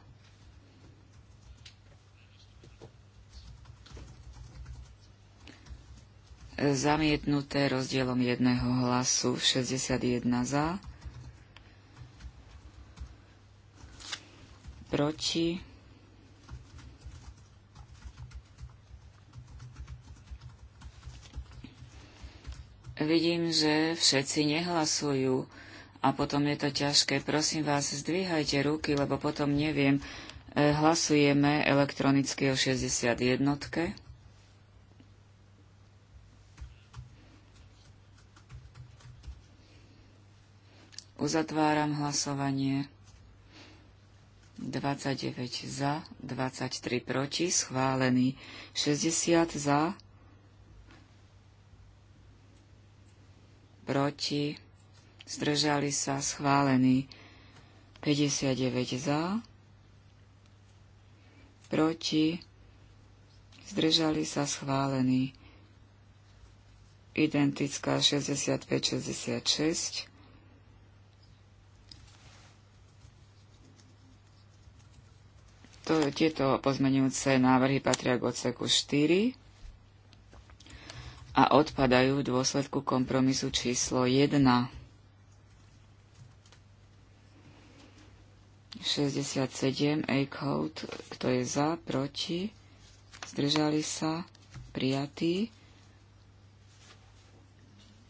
Zamietnuté rozdielom jedného hlasu 61 za. proti. Vidím, že všetci nehlasujú a potom je to ťažké. Prosím vás, zdvíhajte ruky, lebo potom neviem. E, hlasujeme elektronicky o 61. Uzatváram hlasovanie. 29 za, 23 proti, schválený. 60 za, proti, zdržali sa, schválený. 59 za, proti, zdržali sa, schválený. Identická 65-66 To, tieto pozmenujúce návrhy patria k odseku 4 a odpadajú v dôsledku kompromisu číslo 1. 67 A-code, kto je za, proti, zdržali sa, prijatí.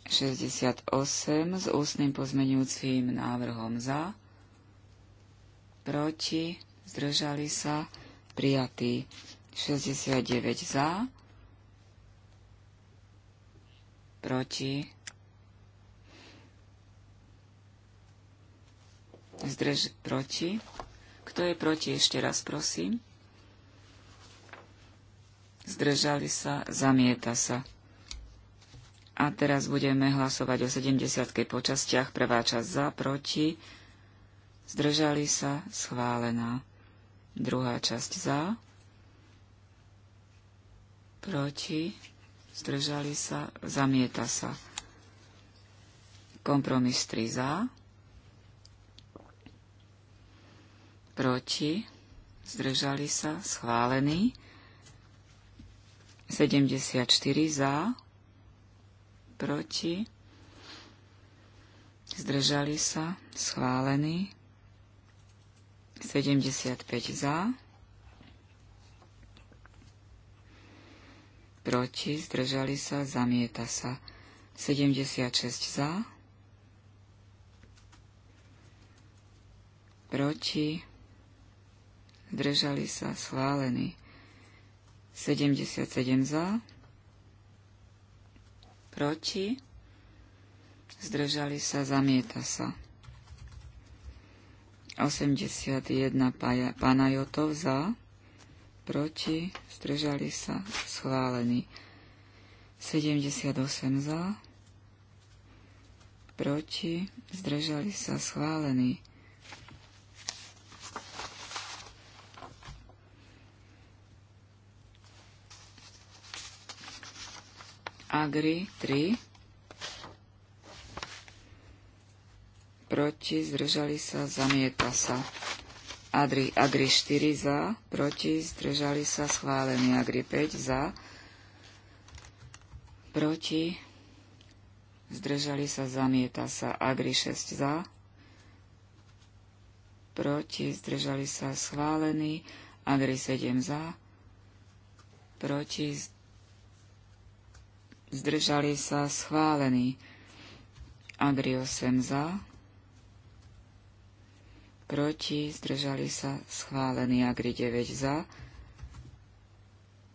68 s ústnym pozmenujúcim návrhom za, proti, zdržali sa, prijatí 69 za, proti, zdrž, proti. Kto je proti, ešte raz prosím. Zdržali sa, zamieta sa. A teraz budeme hlasovať o 70. po častiach. Prvá časť za, proti. Zdržali sa, schválená. Druhá časť za, proti, zdržali sa, zamieta sa. Kompromis 3 za, proti, zdržali sa, schválený. 74 za, proti, zdržali sa, schválený. 75 za, proti, zdržali sa, zamieta sa. 76 za, proti, zdržali sa, schválený. 77 za, proti, zdržali sa, zamieta sa. 81 pána Jotov za, proti, zdržali sa, schválený. 78 za, proti, zdržali sa, schválený. Agri 3 proti, zdržali sa, zamieta sa. Agri, Agri 4 za, proti, zdržali sa, schválený. Agri 5 za, proti, zdržali sa, zamieta sa. Agri 6 za, proti, zdržali sa, schválený. Agri 7 za, proti, zdržali sa, schválený. Agri 8 za, proti, zdržali sa, schválený. Agri 9 za,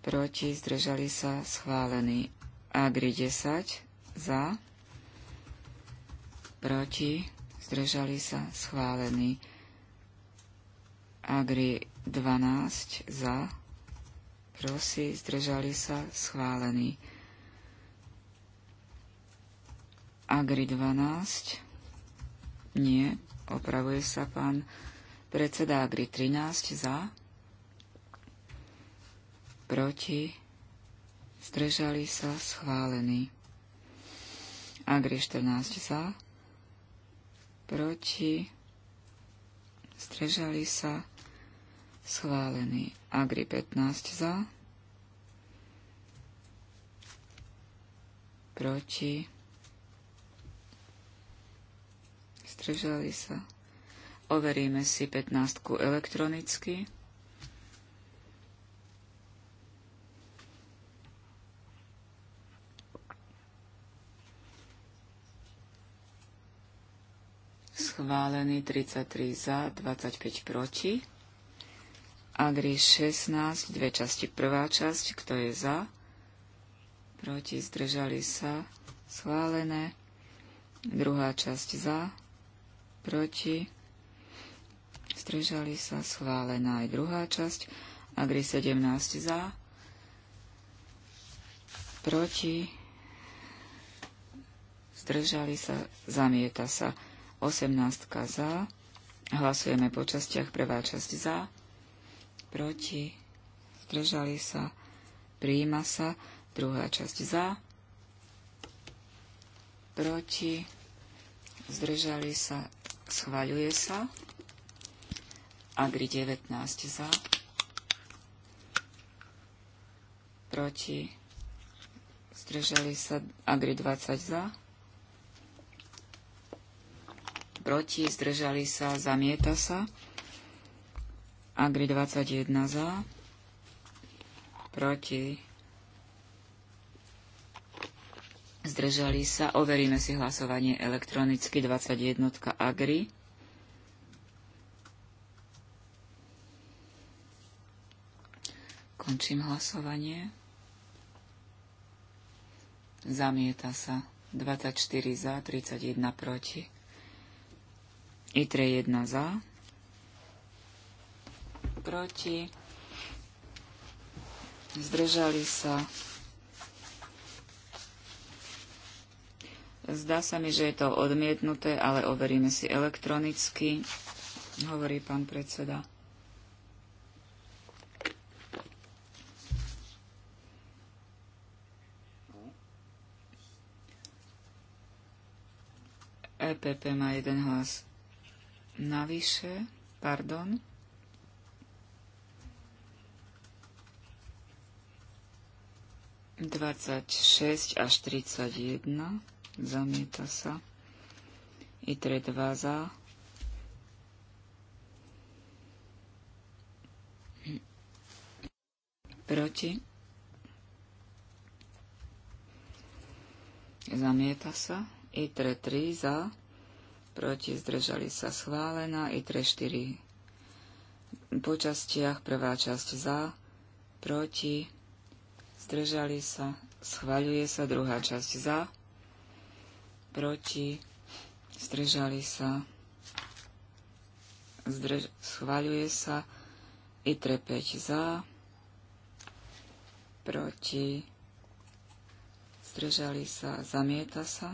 proti, zdržali sa, schválený. Agri 10 za, proti, zdržali sa, schválený. Agri 12 za, prosi, zdržali sa, schválený. Agri 12, nie, Opravuje sa pán predseda Agri 13 za. Proti. Zdržali sa schválení. Agri 14 za. Proti. Zdržali sa schválený. Agri 15 za. Proti zdržali sa. Overíme si 15 elektronicky. Schválený 33 za, 25 proti. Agri 16, dve časti. Prvá časť, kto je za? Proti, zdržali sa. Schválené. Druhá časť za, proti, zdržali sa, schválená aj druhá časť, Agri 17 za, proti, zdržali sa, zamieta sa, 18 za, hlasujeme po častiach, prvá časť za, proti, zdržali sa, prijíma sa, druhá časť za, proti, zdržali sa, Schvaľuje sa. Agri 19 za. Proti. Zdržali sa. Agri 20 za. Proti. Zdržali sa. Zamieta sa. Agri 21 za. Proti Zdržali sa. Overíme si hlasovanie elektronicky 21. Agri. Končím hlasovanie. Zamieta sa. 24 za, 31 proti. ITRE 1 za. Proti. Zdržali sa. Zdá sa mi, že je to odmietnuté, ale overíme si elektronicky, hovorí pán predseda. EPP má jeden hlas navyše, pardon. Dvadsať šest až tridsať jedna. Zamieta sa. I 2 za. Proti. Zamieta sa. tre tri za. Proti zdržali sa schválená. tre štyri po častiach. Prvá časť za. Proti. Zdržali sa. Schváľuje sa druhá časť za proti, zdržali sa, zdrž, schváľuje sa, i trepeť za, proti, zdržali sa, zamieta sa.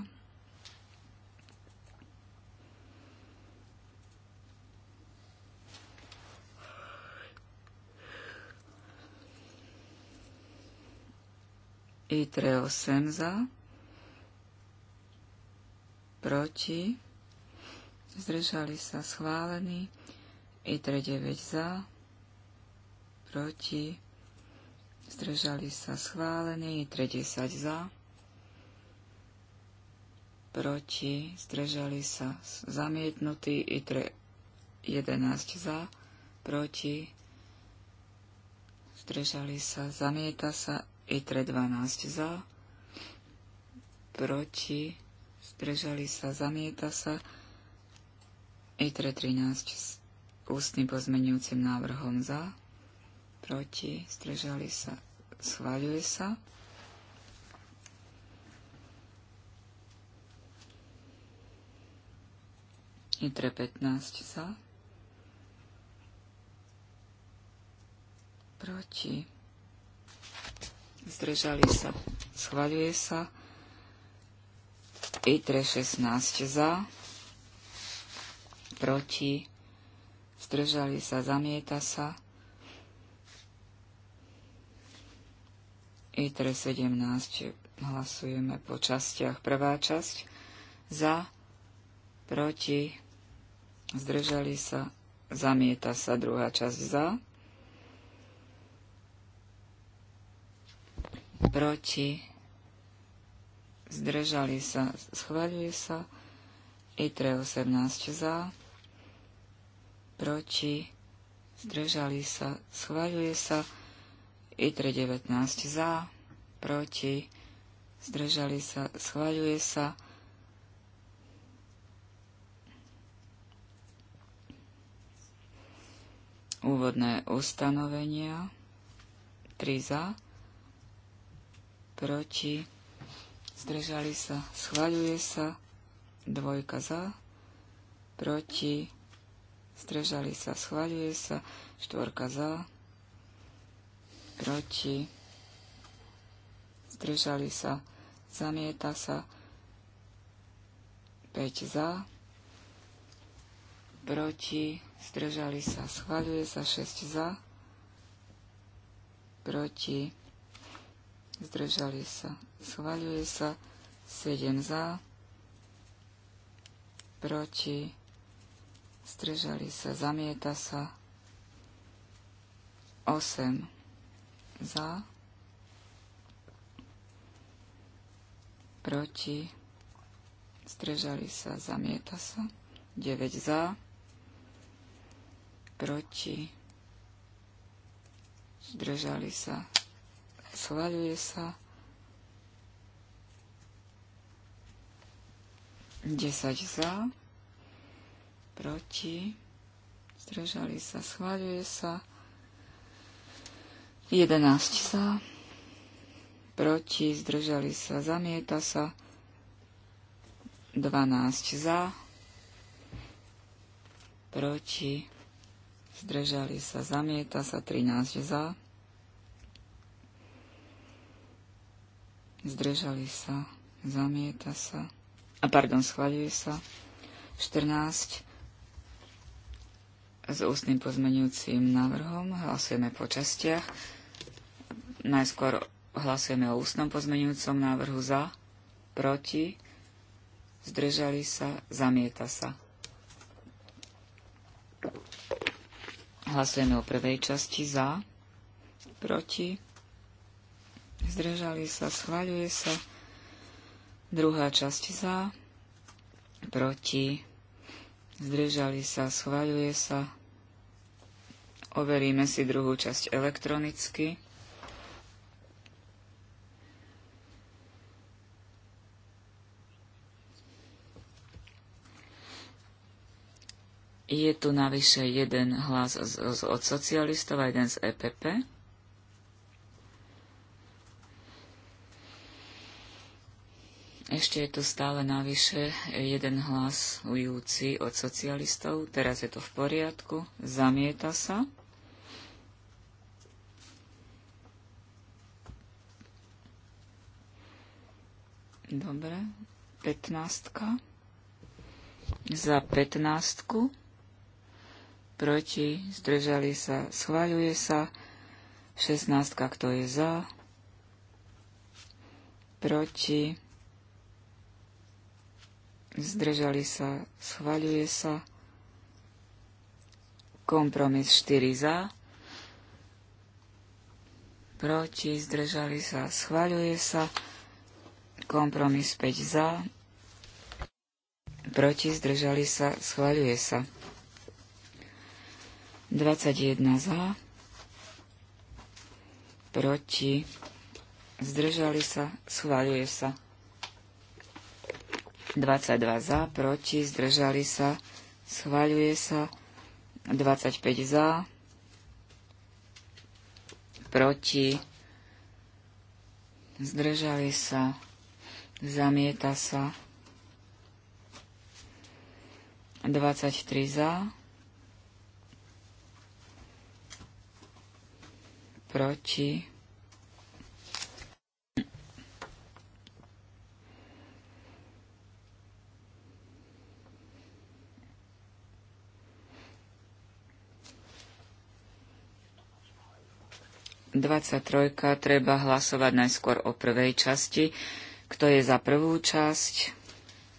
ITRE 8 za, proti, zdržali sa schválení, ITRE 9 za, proti, zdržali sa schválení, ITRE 10 za, proti, zdržali sa zamietnutí, ITRE 11 za, proti, zdržali sa, zamieta sa, i ITRE 12 za, proti, zdržali sa, zamieta sa. ITRE 13 s ústnym pozmenujúcim návrhom za, proti, zdržali sa, schváľuje sa. ITRE 15 za, proti, zdržali sa, schváľuje sa. ITRE 16 za, proti, zdržali sa, zamieta sa. ITRE 17 hlasujeme po častiach. Prvá časť za, proti, zdržali sa, zamieta sa. Druhá časť za, proti, zdržali sa, schváľuje sa, ITRE 18 za, proti, zdržali sa, schváľuje sa, ITRE 19 za, proti, zdržali sa, schváľuje sa, úvodné ustanovenia, 3 za, proti, zdržali sa, schvaľuje sa, dvojka za, proti, zdržali sa, schvaľuje sa, štvorka za, proti, zdržali sa, zamieta sa, 5 za, proti, zdržali sa, schvaľuje sa, 6 za, proti, zdržali sa. schváľuje sa 7 za, proti, zdržali sa, zamieta sa 8 za, proti, zdržali sa, zamieta sa 9 za, proti, zdržali sa, schváľuje sa. 10 za, proti, zdržali sa, schváľuje sa, 11 za, proti, zdržali sa, zamieta sa, 12 za, proti, zdržali sa, zamieta sa, 13 za, zdržali sa, zamieta sa, a pardon, schvaliuje sa, 14 s ústnym pozmenujúcim návrhom, hlasujeme po častiach, najskôr hlasujeme o ústnom pozmenujúcom návrhu za, proti, zdržali sa, zamieta sa. Hlasujeme o prvej časti za, proti, zdržali sa, schváľuje sa. Druhá časť za, proti, zdržali sa, schváľuje sa. Overíme si druhú časť elektronicky. Je tu navyše jeden hlas z, z, od socialistov a jeden z EPP. Ešte je tu stále navyše jeden hlas ujúci od socialistov. Teraz je to v poriadku. Zamieta sa. Dobre. 15. Za 15. Proti. Zdržali sa. Schváľuje sa. 16. Kto je za? Proti zdržali sa, schvaľuje sa. Kompromis 4 za, proti, zdržali sa, schvaľuje sa. Kompromis 5 za, proti, zdržali sa, schvaľuje sa. 21 za, proti, zdržali sa, schvaľuje sa. 22 za, proti, zdržali sa, schváľuje sa, 25 za, proti, zdržali sa, zamieta sa, 23 za, proti, 23. treba hlasovať najskôr o prvej časti. Kto je za prvú časť?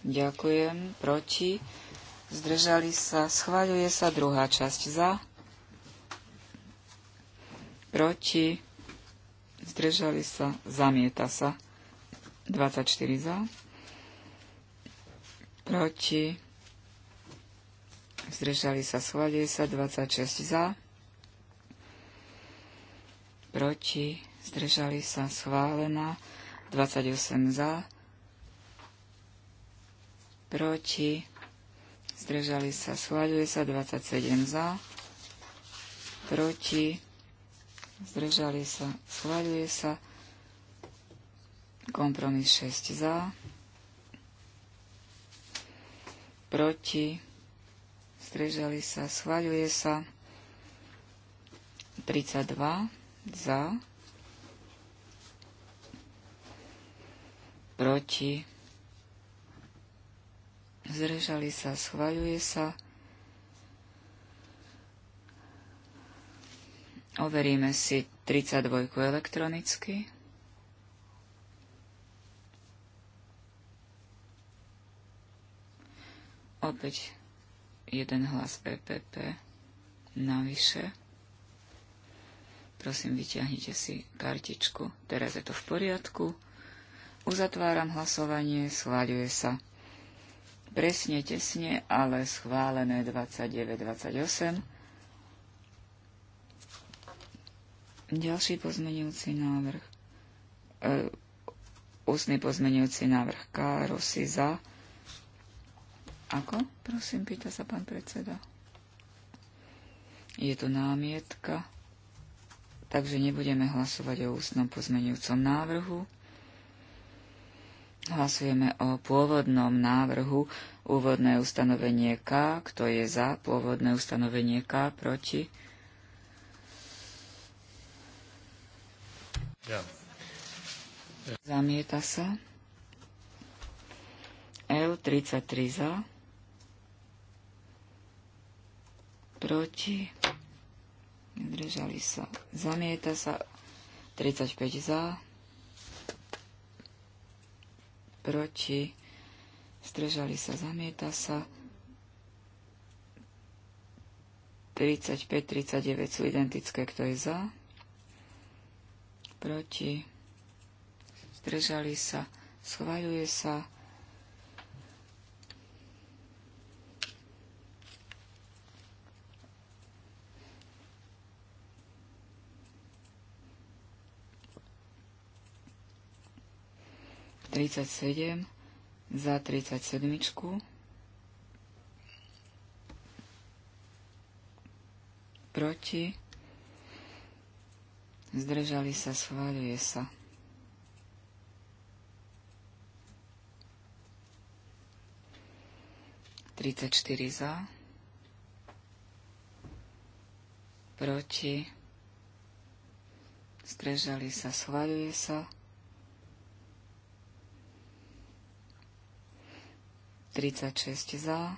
Ďakujem. Proti? Zdržali sa. Schváľuje sa druhá časť. Za? Proti? Zdržali sa. Zamieta sa. 24 za. Proti? Zdržali sa. Schváľuje sa. 26 za proti, zdržali sa schválená, 28 za, proti, zdržali sa, schváľuje sa, 27 za, proti, zdržali sa, schváľuje sa, kompromis 6 za, proti, zdržali sa, schváľuje sa, 32 za, proti, zrežali sa, schvaľuje sa. Overíme si 32 elektronicky. Opäť jeden hlas PPP e navyše. Prosím, vyťahnite si kartičku. Teraz je to v poriadku. Uzatváram hlasovanie, schváľuje sa. Presne, tesne, ale schválené 29-28. Ďalší pozmenujúci návrh. E, ústny pozmenujúci návrh K. Rosy za. Ako? Prosím, pýta sa pán predseda. Je tu námietka takže nebudeme hlasovať o ústnom pozmenujúcom návrhu. Hlasujeme o pôvodnom návrhu úvodné ustanovenie K, kto je za pôvodné ustanovenie K, proti. Ja. Ja. Zamieta sa. L33 za. Proti. Nedržali sa, zamieta sa, 35 za, proti, zdržali sa, zamieta sa, 35, 39 sú identické, kto je za, proti, zdržali sa, schváľuje sa, 37 za 37. Proti. Zdržali sa, schváľuje sa. Tridsať štyri za. Proti. Zdržali sa, schváľuje sa. 36 za,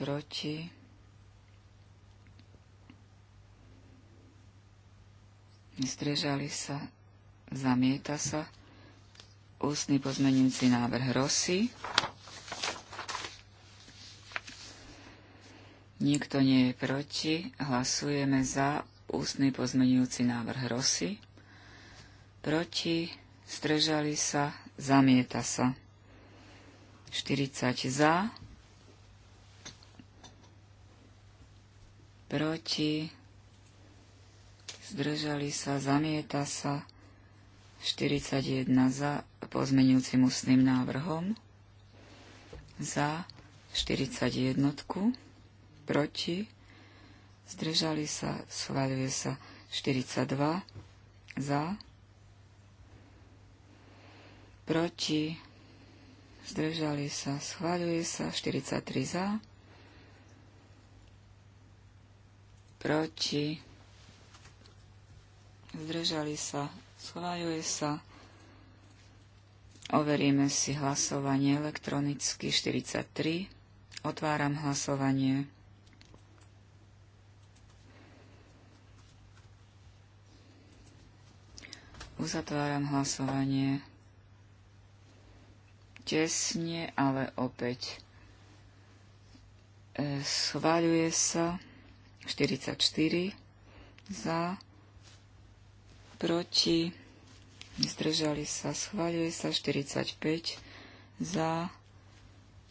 proti, zdržali sa, zamieta sa, ústny pozmenujúci návrh Rosy, nikto nie je proti, hlasujeme za ústny pozmenujúci návrh Rosy, proti, zdržali sa, zamieta sa. 40 za, proti, zdržali sa, zamieta sa, 41 za pozmenujúcim ústnym návrhom, za 41, proti, zdržali sa, schváľuje sa 42, za, proti, zdržali sa, schváľuje sa, 43 za, proti, zdržali sa, schváľuje sa, overíme si hlasovanie elektronicky 43, otváram hlasovanie. Uzatváram hlasovanie tesne, ale opäť e, schváľuje sa 44 za, proti, zdržali sa, schváľuje sa 45 za,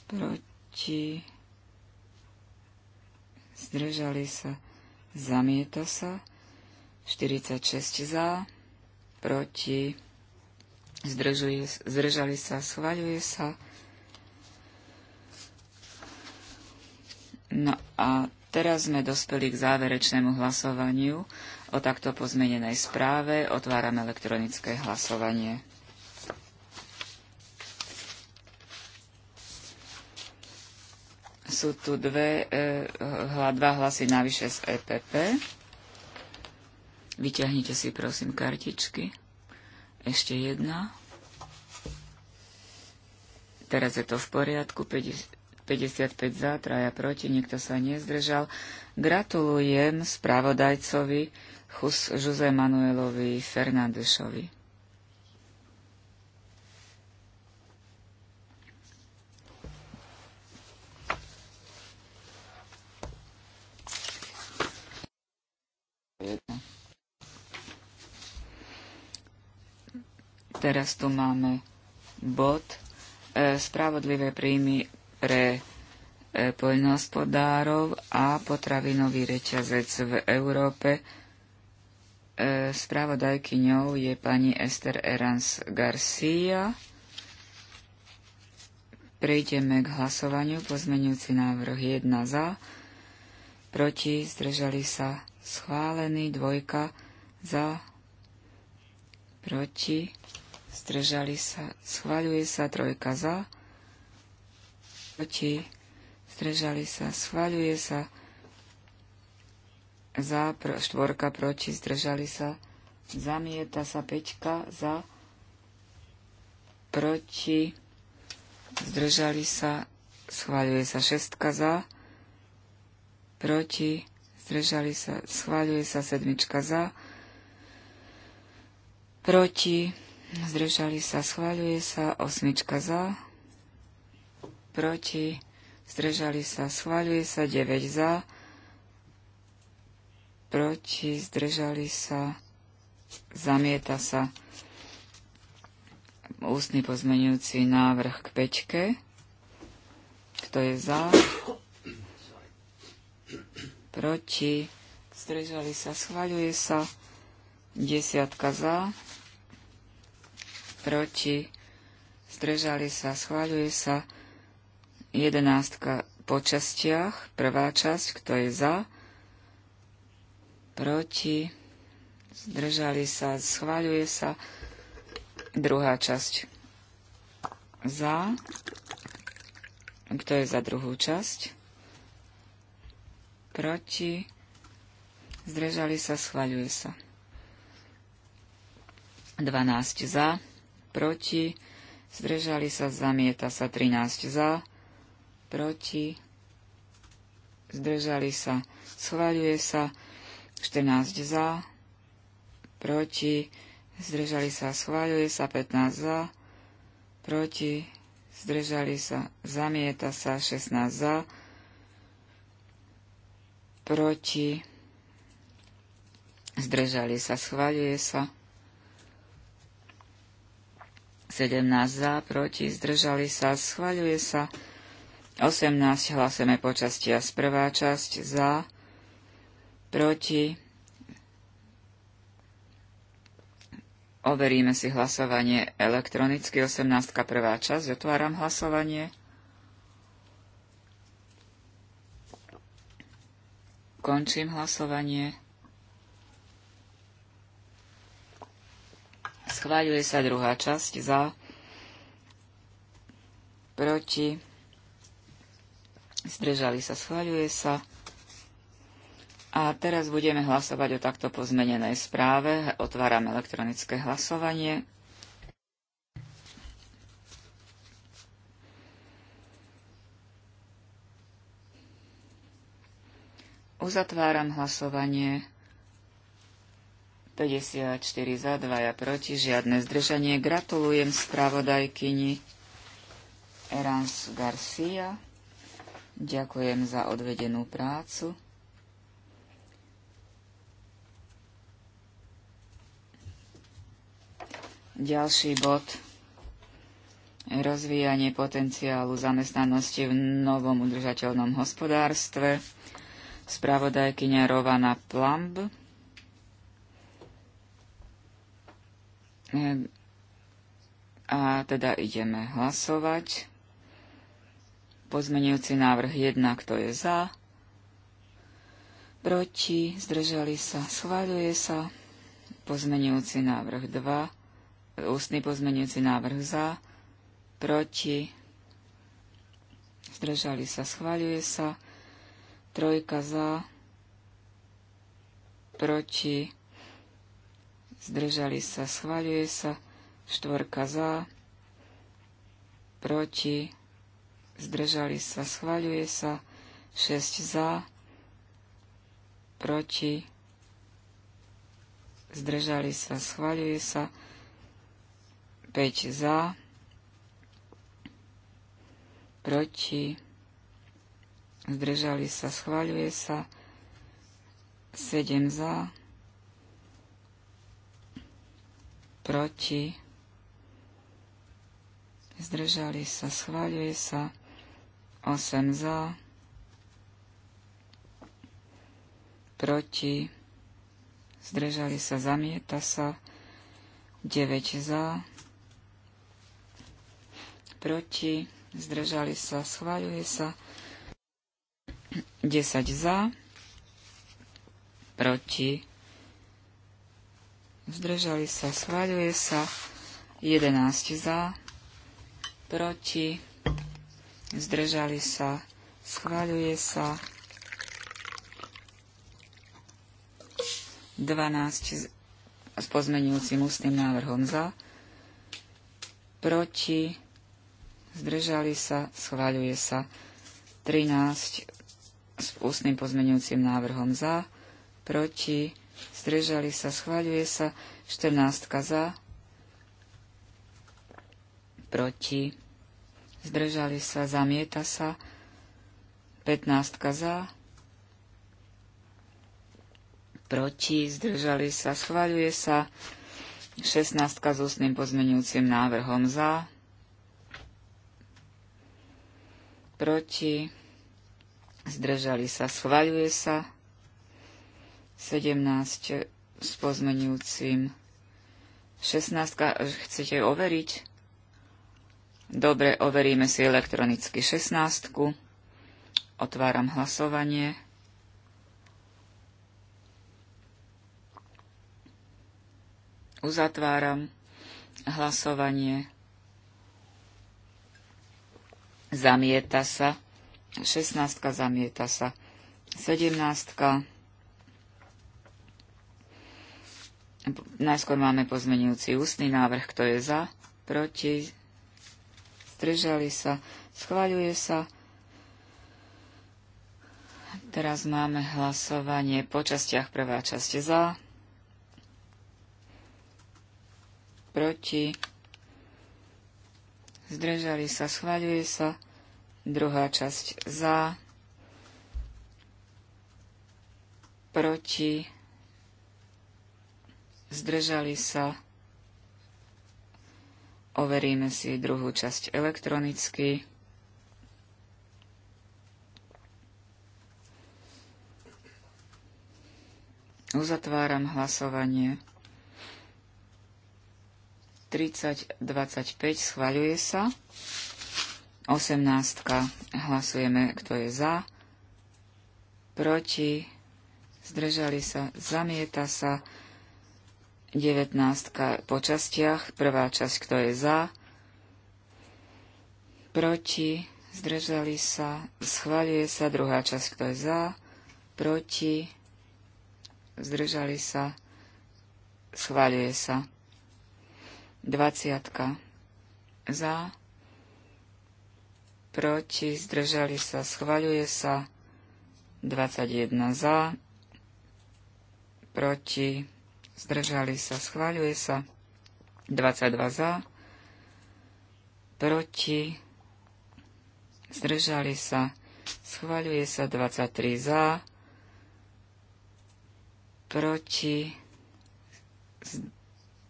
proti, zdržali sa, zamieta sa 46 za, proti, zdržuje, zdržali sa, schvaľuje sa. No a teraz sme dospeli k záverečnému hlasovaniu o takto pozmenenej správe. Otváram elektronické hlasovanie. Sú tu dve, e, hla, dva hlasy navyše z EPP. Vyťahnite si prosím kartičky. Ešte jedna. Teraz je to v poriadku. 55 za, traja proti, nikto sa nezdržal. Gratulujem spravodajcovi Jus, Jose Manuelovi Fernandešovi. jedno. Teraz tu máme bod e, spravodlivé príjmy pre e, poľnohospodárov a potravinový reťazec v Európe. E, spravodajkyňou je pani Esther Erans Garcia. Prejdeme k hlasovaniu. Pozmenujúci návrh 1 za, proti, zdržali sa schválený, dvojka za, proti, zdržali sa, schváľuje sa trojka za, proti, zdržali sa, schváľuje sa, za, Pro, štvorka proti, zdržali sa, zamieta sa peťka, za, proti, zdržali sa, schváľuje sa šestka za, proti, zdržali sa, schváľuje sa sedmička za, proti, Zdržali sa, schváľuje sa. Osmička za. Proti. Zdržali sa, schváľuje sa. 9 za. Proti. Zdržali sa. Zamieta sa. Ústny pozmenujúci návrh k peťke. Kto je za? Proti. Zdržali sa, schváľuje sa. Desiatka za proti, zdržali sa, schváľuje sa. Jedenástka po častiach, prvá časť, kto je za, proti, zdržali sa, schváľuje sa. Druhá časť za, kto je za druhú časť, proti, zdržali sa, schváľuje sa. 12 za, proti, zdržali sa, zamieta sa 13 za, proti, zdržali sa, schváľuje sa 14 za, proti, zdržali sa, schváľuje sa 15 za, proti, zdržali sa, zamieta sa 16 za, proti, zdržali sa, schváľuje sa 17 za, proti, zdržali sa, schvaľuje sa. 18 hlasujeme po z Prvá časť za, proti. Overíme si hlasovanie elektronicky. 18. prvá časť. Otváram hlasovanie. Končím hlasovanie. Schváľuje sa druhá časť za, proti, zdržali sa, schváľuje sa. A teraz budeme hlasovať o takto pozmenenej správe. Otváram elektronické hlasovanie. Uzatváram hlasovanie. 54 za, 2 ja proti, žiadne zdržanie. Gratulujem spravodajkyni Erans Garcia. Ďakujem za odvedenú prácu. Ďalší bod. Rozvíjanie potenciálu zamestnanosti v novom udržateľnom hospodárstve. Spravodajkyňa Rovana Plamb. A teda ideme hlasovať. Pozmenujúci návrh 1, kto je za, proti, zdržali sa, schváľuje sa. Pozmenujúci návrh 2, ústny pozmenujúci návrh za, proti, zdržali sa, schváľuje sa. Trojka za, proti, zdržali sa, schváľuje sa, štvorka za, proti, zdržali sa, schváľuje sa, 6 za, proti, zdržali sa, schváľuje sa, 5 za, proti, zdržali sa, schváľuje sa, sedem za, proti, zdržali sa, schváľuje sa, 8 za, proti, zdržali sa, zamieta sa, 9 za, proti, zdržali sa, schváľuje sa, 10 za, proti, zdržali sa, schváľuje sa, 11 za, proti, zdržali sa, schváľuje sa, 12 s pozmenujúcim ústnym návrhom za, proti, zdržali sa, schváľuje sa, 13 s ústnym pozmenujúcim návrhom za, proti, zdržali sa, schváľuje sa, 14 za, proti, zdržali sa, zamieta sa, 15 za, proti, zdržali sa, schváľuje sa, 16 s ústnym pozmenujúcim návrhom za, proti, zdržali sa, schváľuje sa, 17 s pozmenujúcim. 16 eh, chcete overiť? Dobre, overíme si elektronicky 16. Otváram hlasovanie. Uzatváram hlasovanie. Zamieta sa. 16 zamieta sa. 17 Najskôr máme pozmenujúci ústny návrh, kto je za, proti, zdržali sa, schváľuje sa. Teraz máme hlasovanie po častiach. Prvá časť za, proti, zdržali sa, schváľuje sa. Druhá časť za, proti, zdržali sa. Overíme si druhú časť elektronicky. Uzatváram hlasovanie. 30-25 schvaľuje sa. 18. Hlasujeme, kto je za. Proti. Zdržali sa. Zamieta sa. 19 po častiach. Prvá časť, kto je za, proti, zdržali sa, schváľuje sa. Druhá časť, kto je za, proti, zdržali sa, schváľuje sa. 20 za, proti, zdržali sa, schváľuje sa. 21 za, proti, zdržali sa, schváľuje sa, 22 za, proti, zdržali sa, schváľuje sa, 23 za, proti,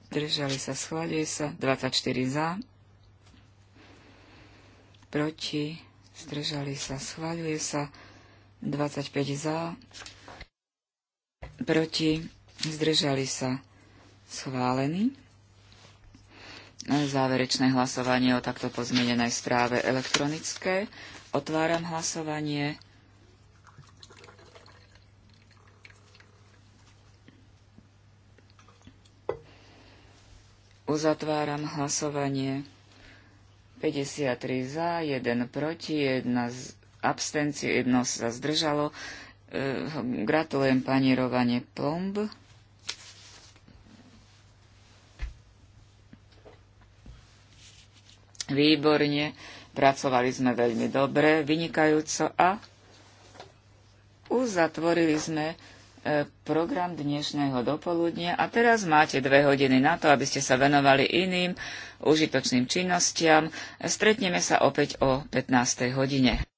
zdržali sa, schváľuje sa, 24 za, proti, zdržali sa, schváľuje sa, 25 za, proti, zdržali sa schválení. Záverečné hlasovanie o takto pozmenenej správe elektronické. Otváram hlasovanie. Uzatváram hlasovanie. 53 za, 1 proti, 1 z abstencie, 1 sa zdržalo. E, gratulujem pani Rovane Plomb. Výborne, pracovali sme veľmi dobre, vynikajúco a uzatvorili sme e, program dnešného dopoludnia a teraz máte dve hodiny na to, aby ste sa venovali iným užitočným činnostiam. Stretneme sa opäť o 15. hodine.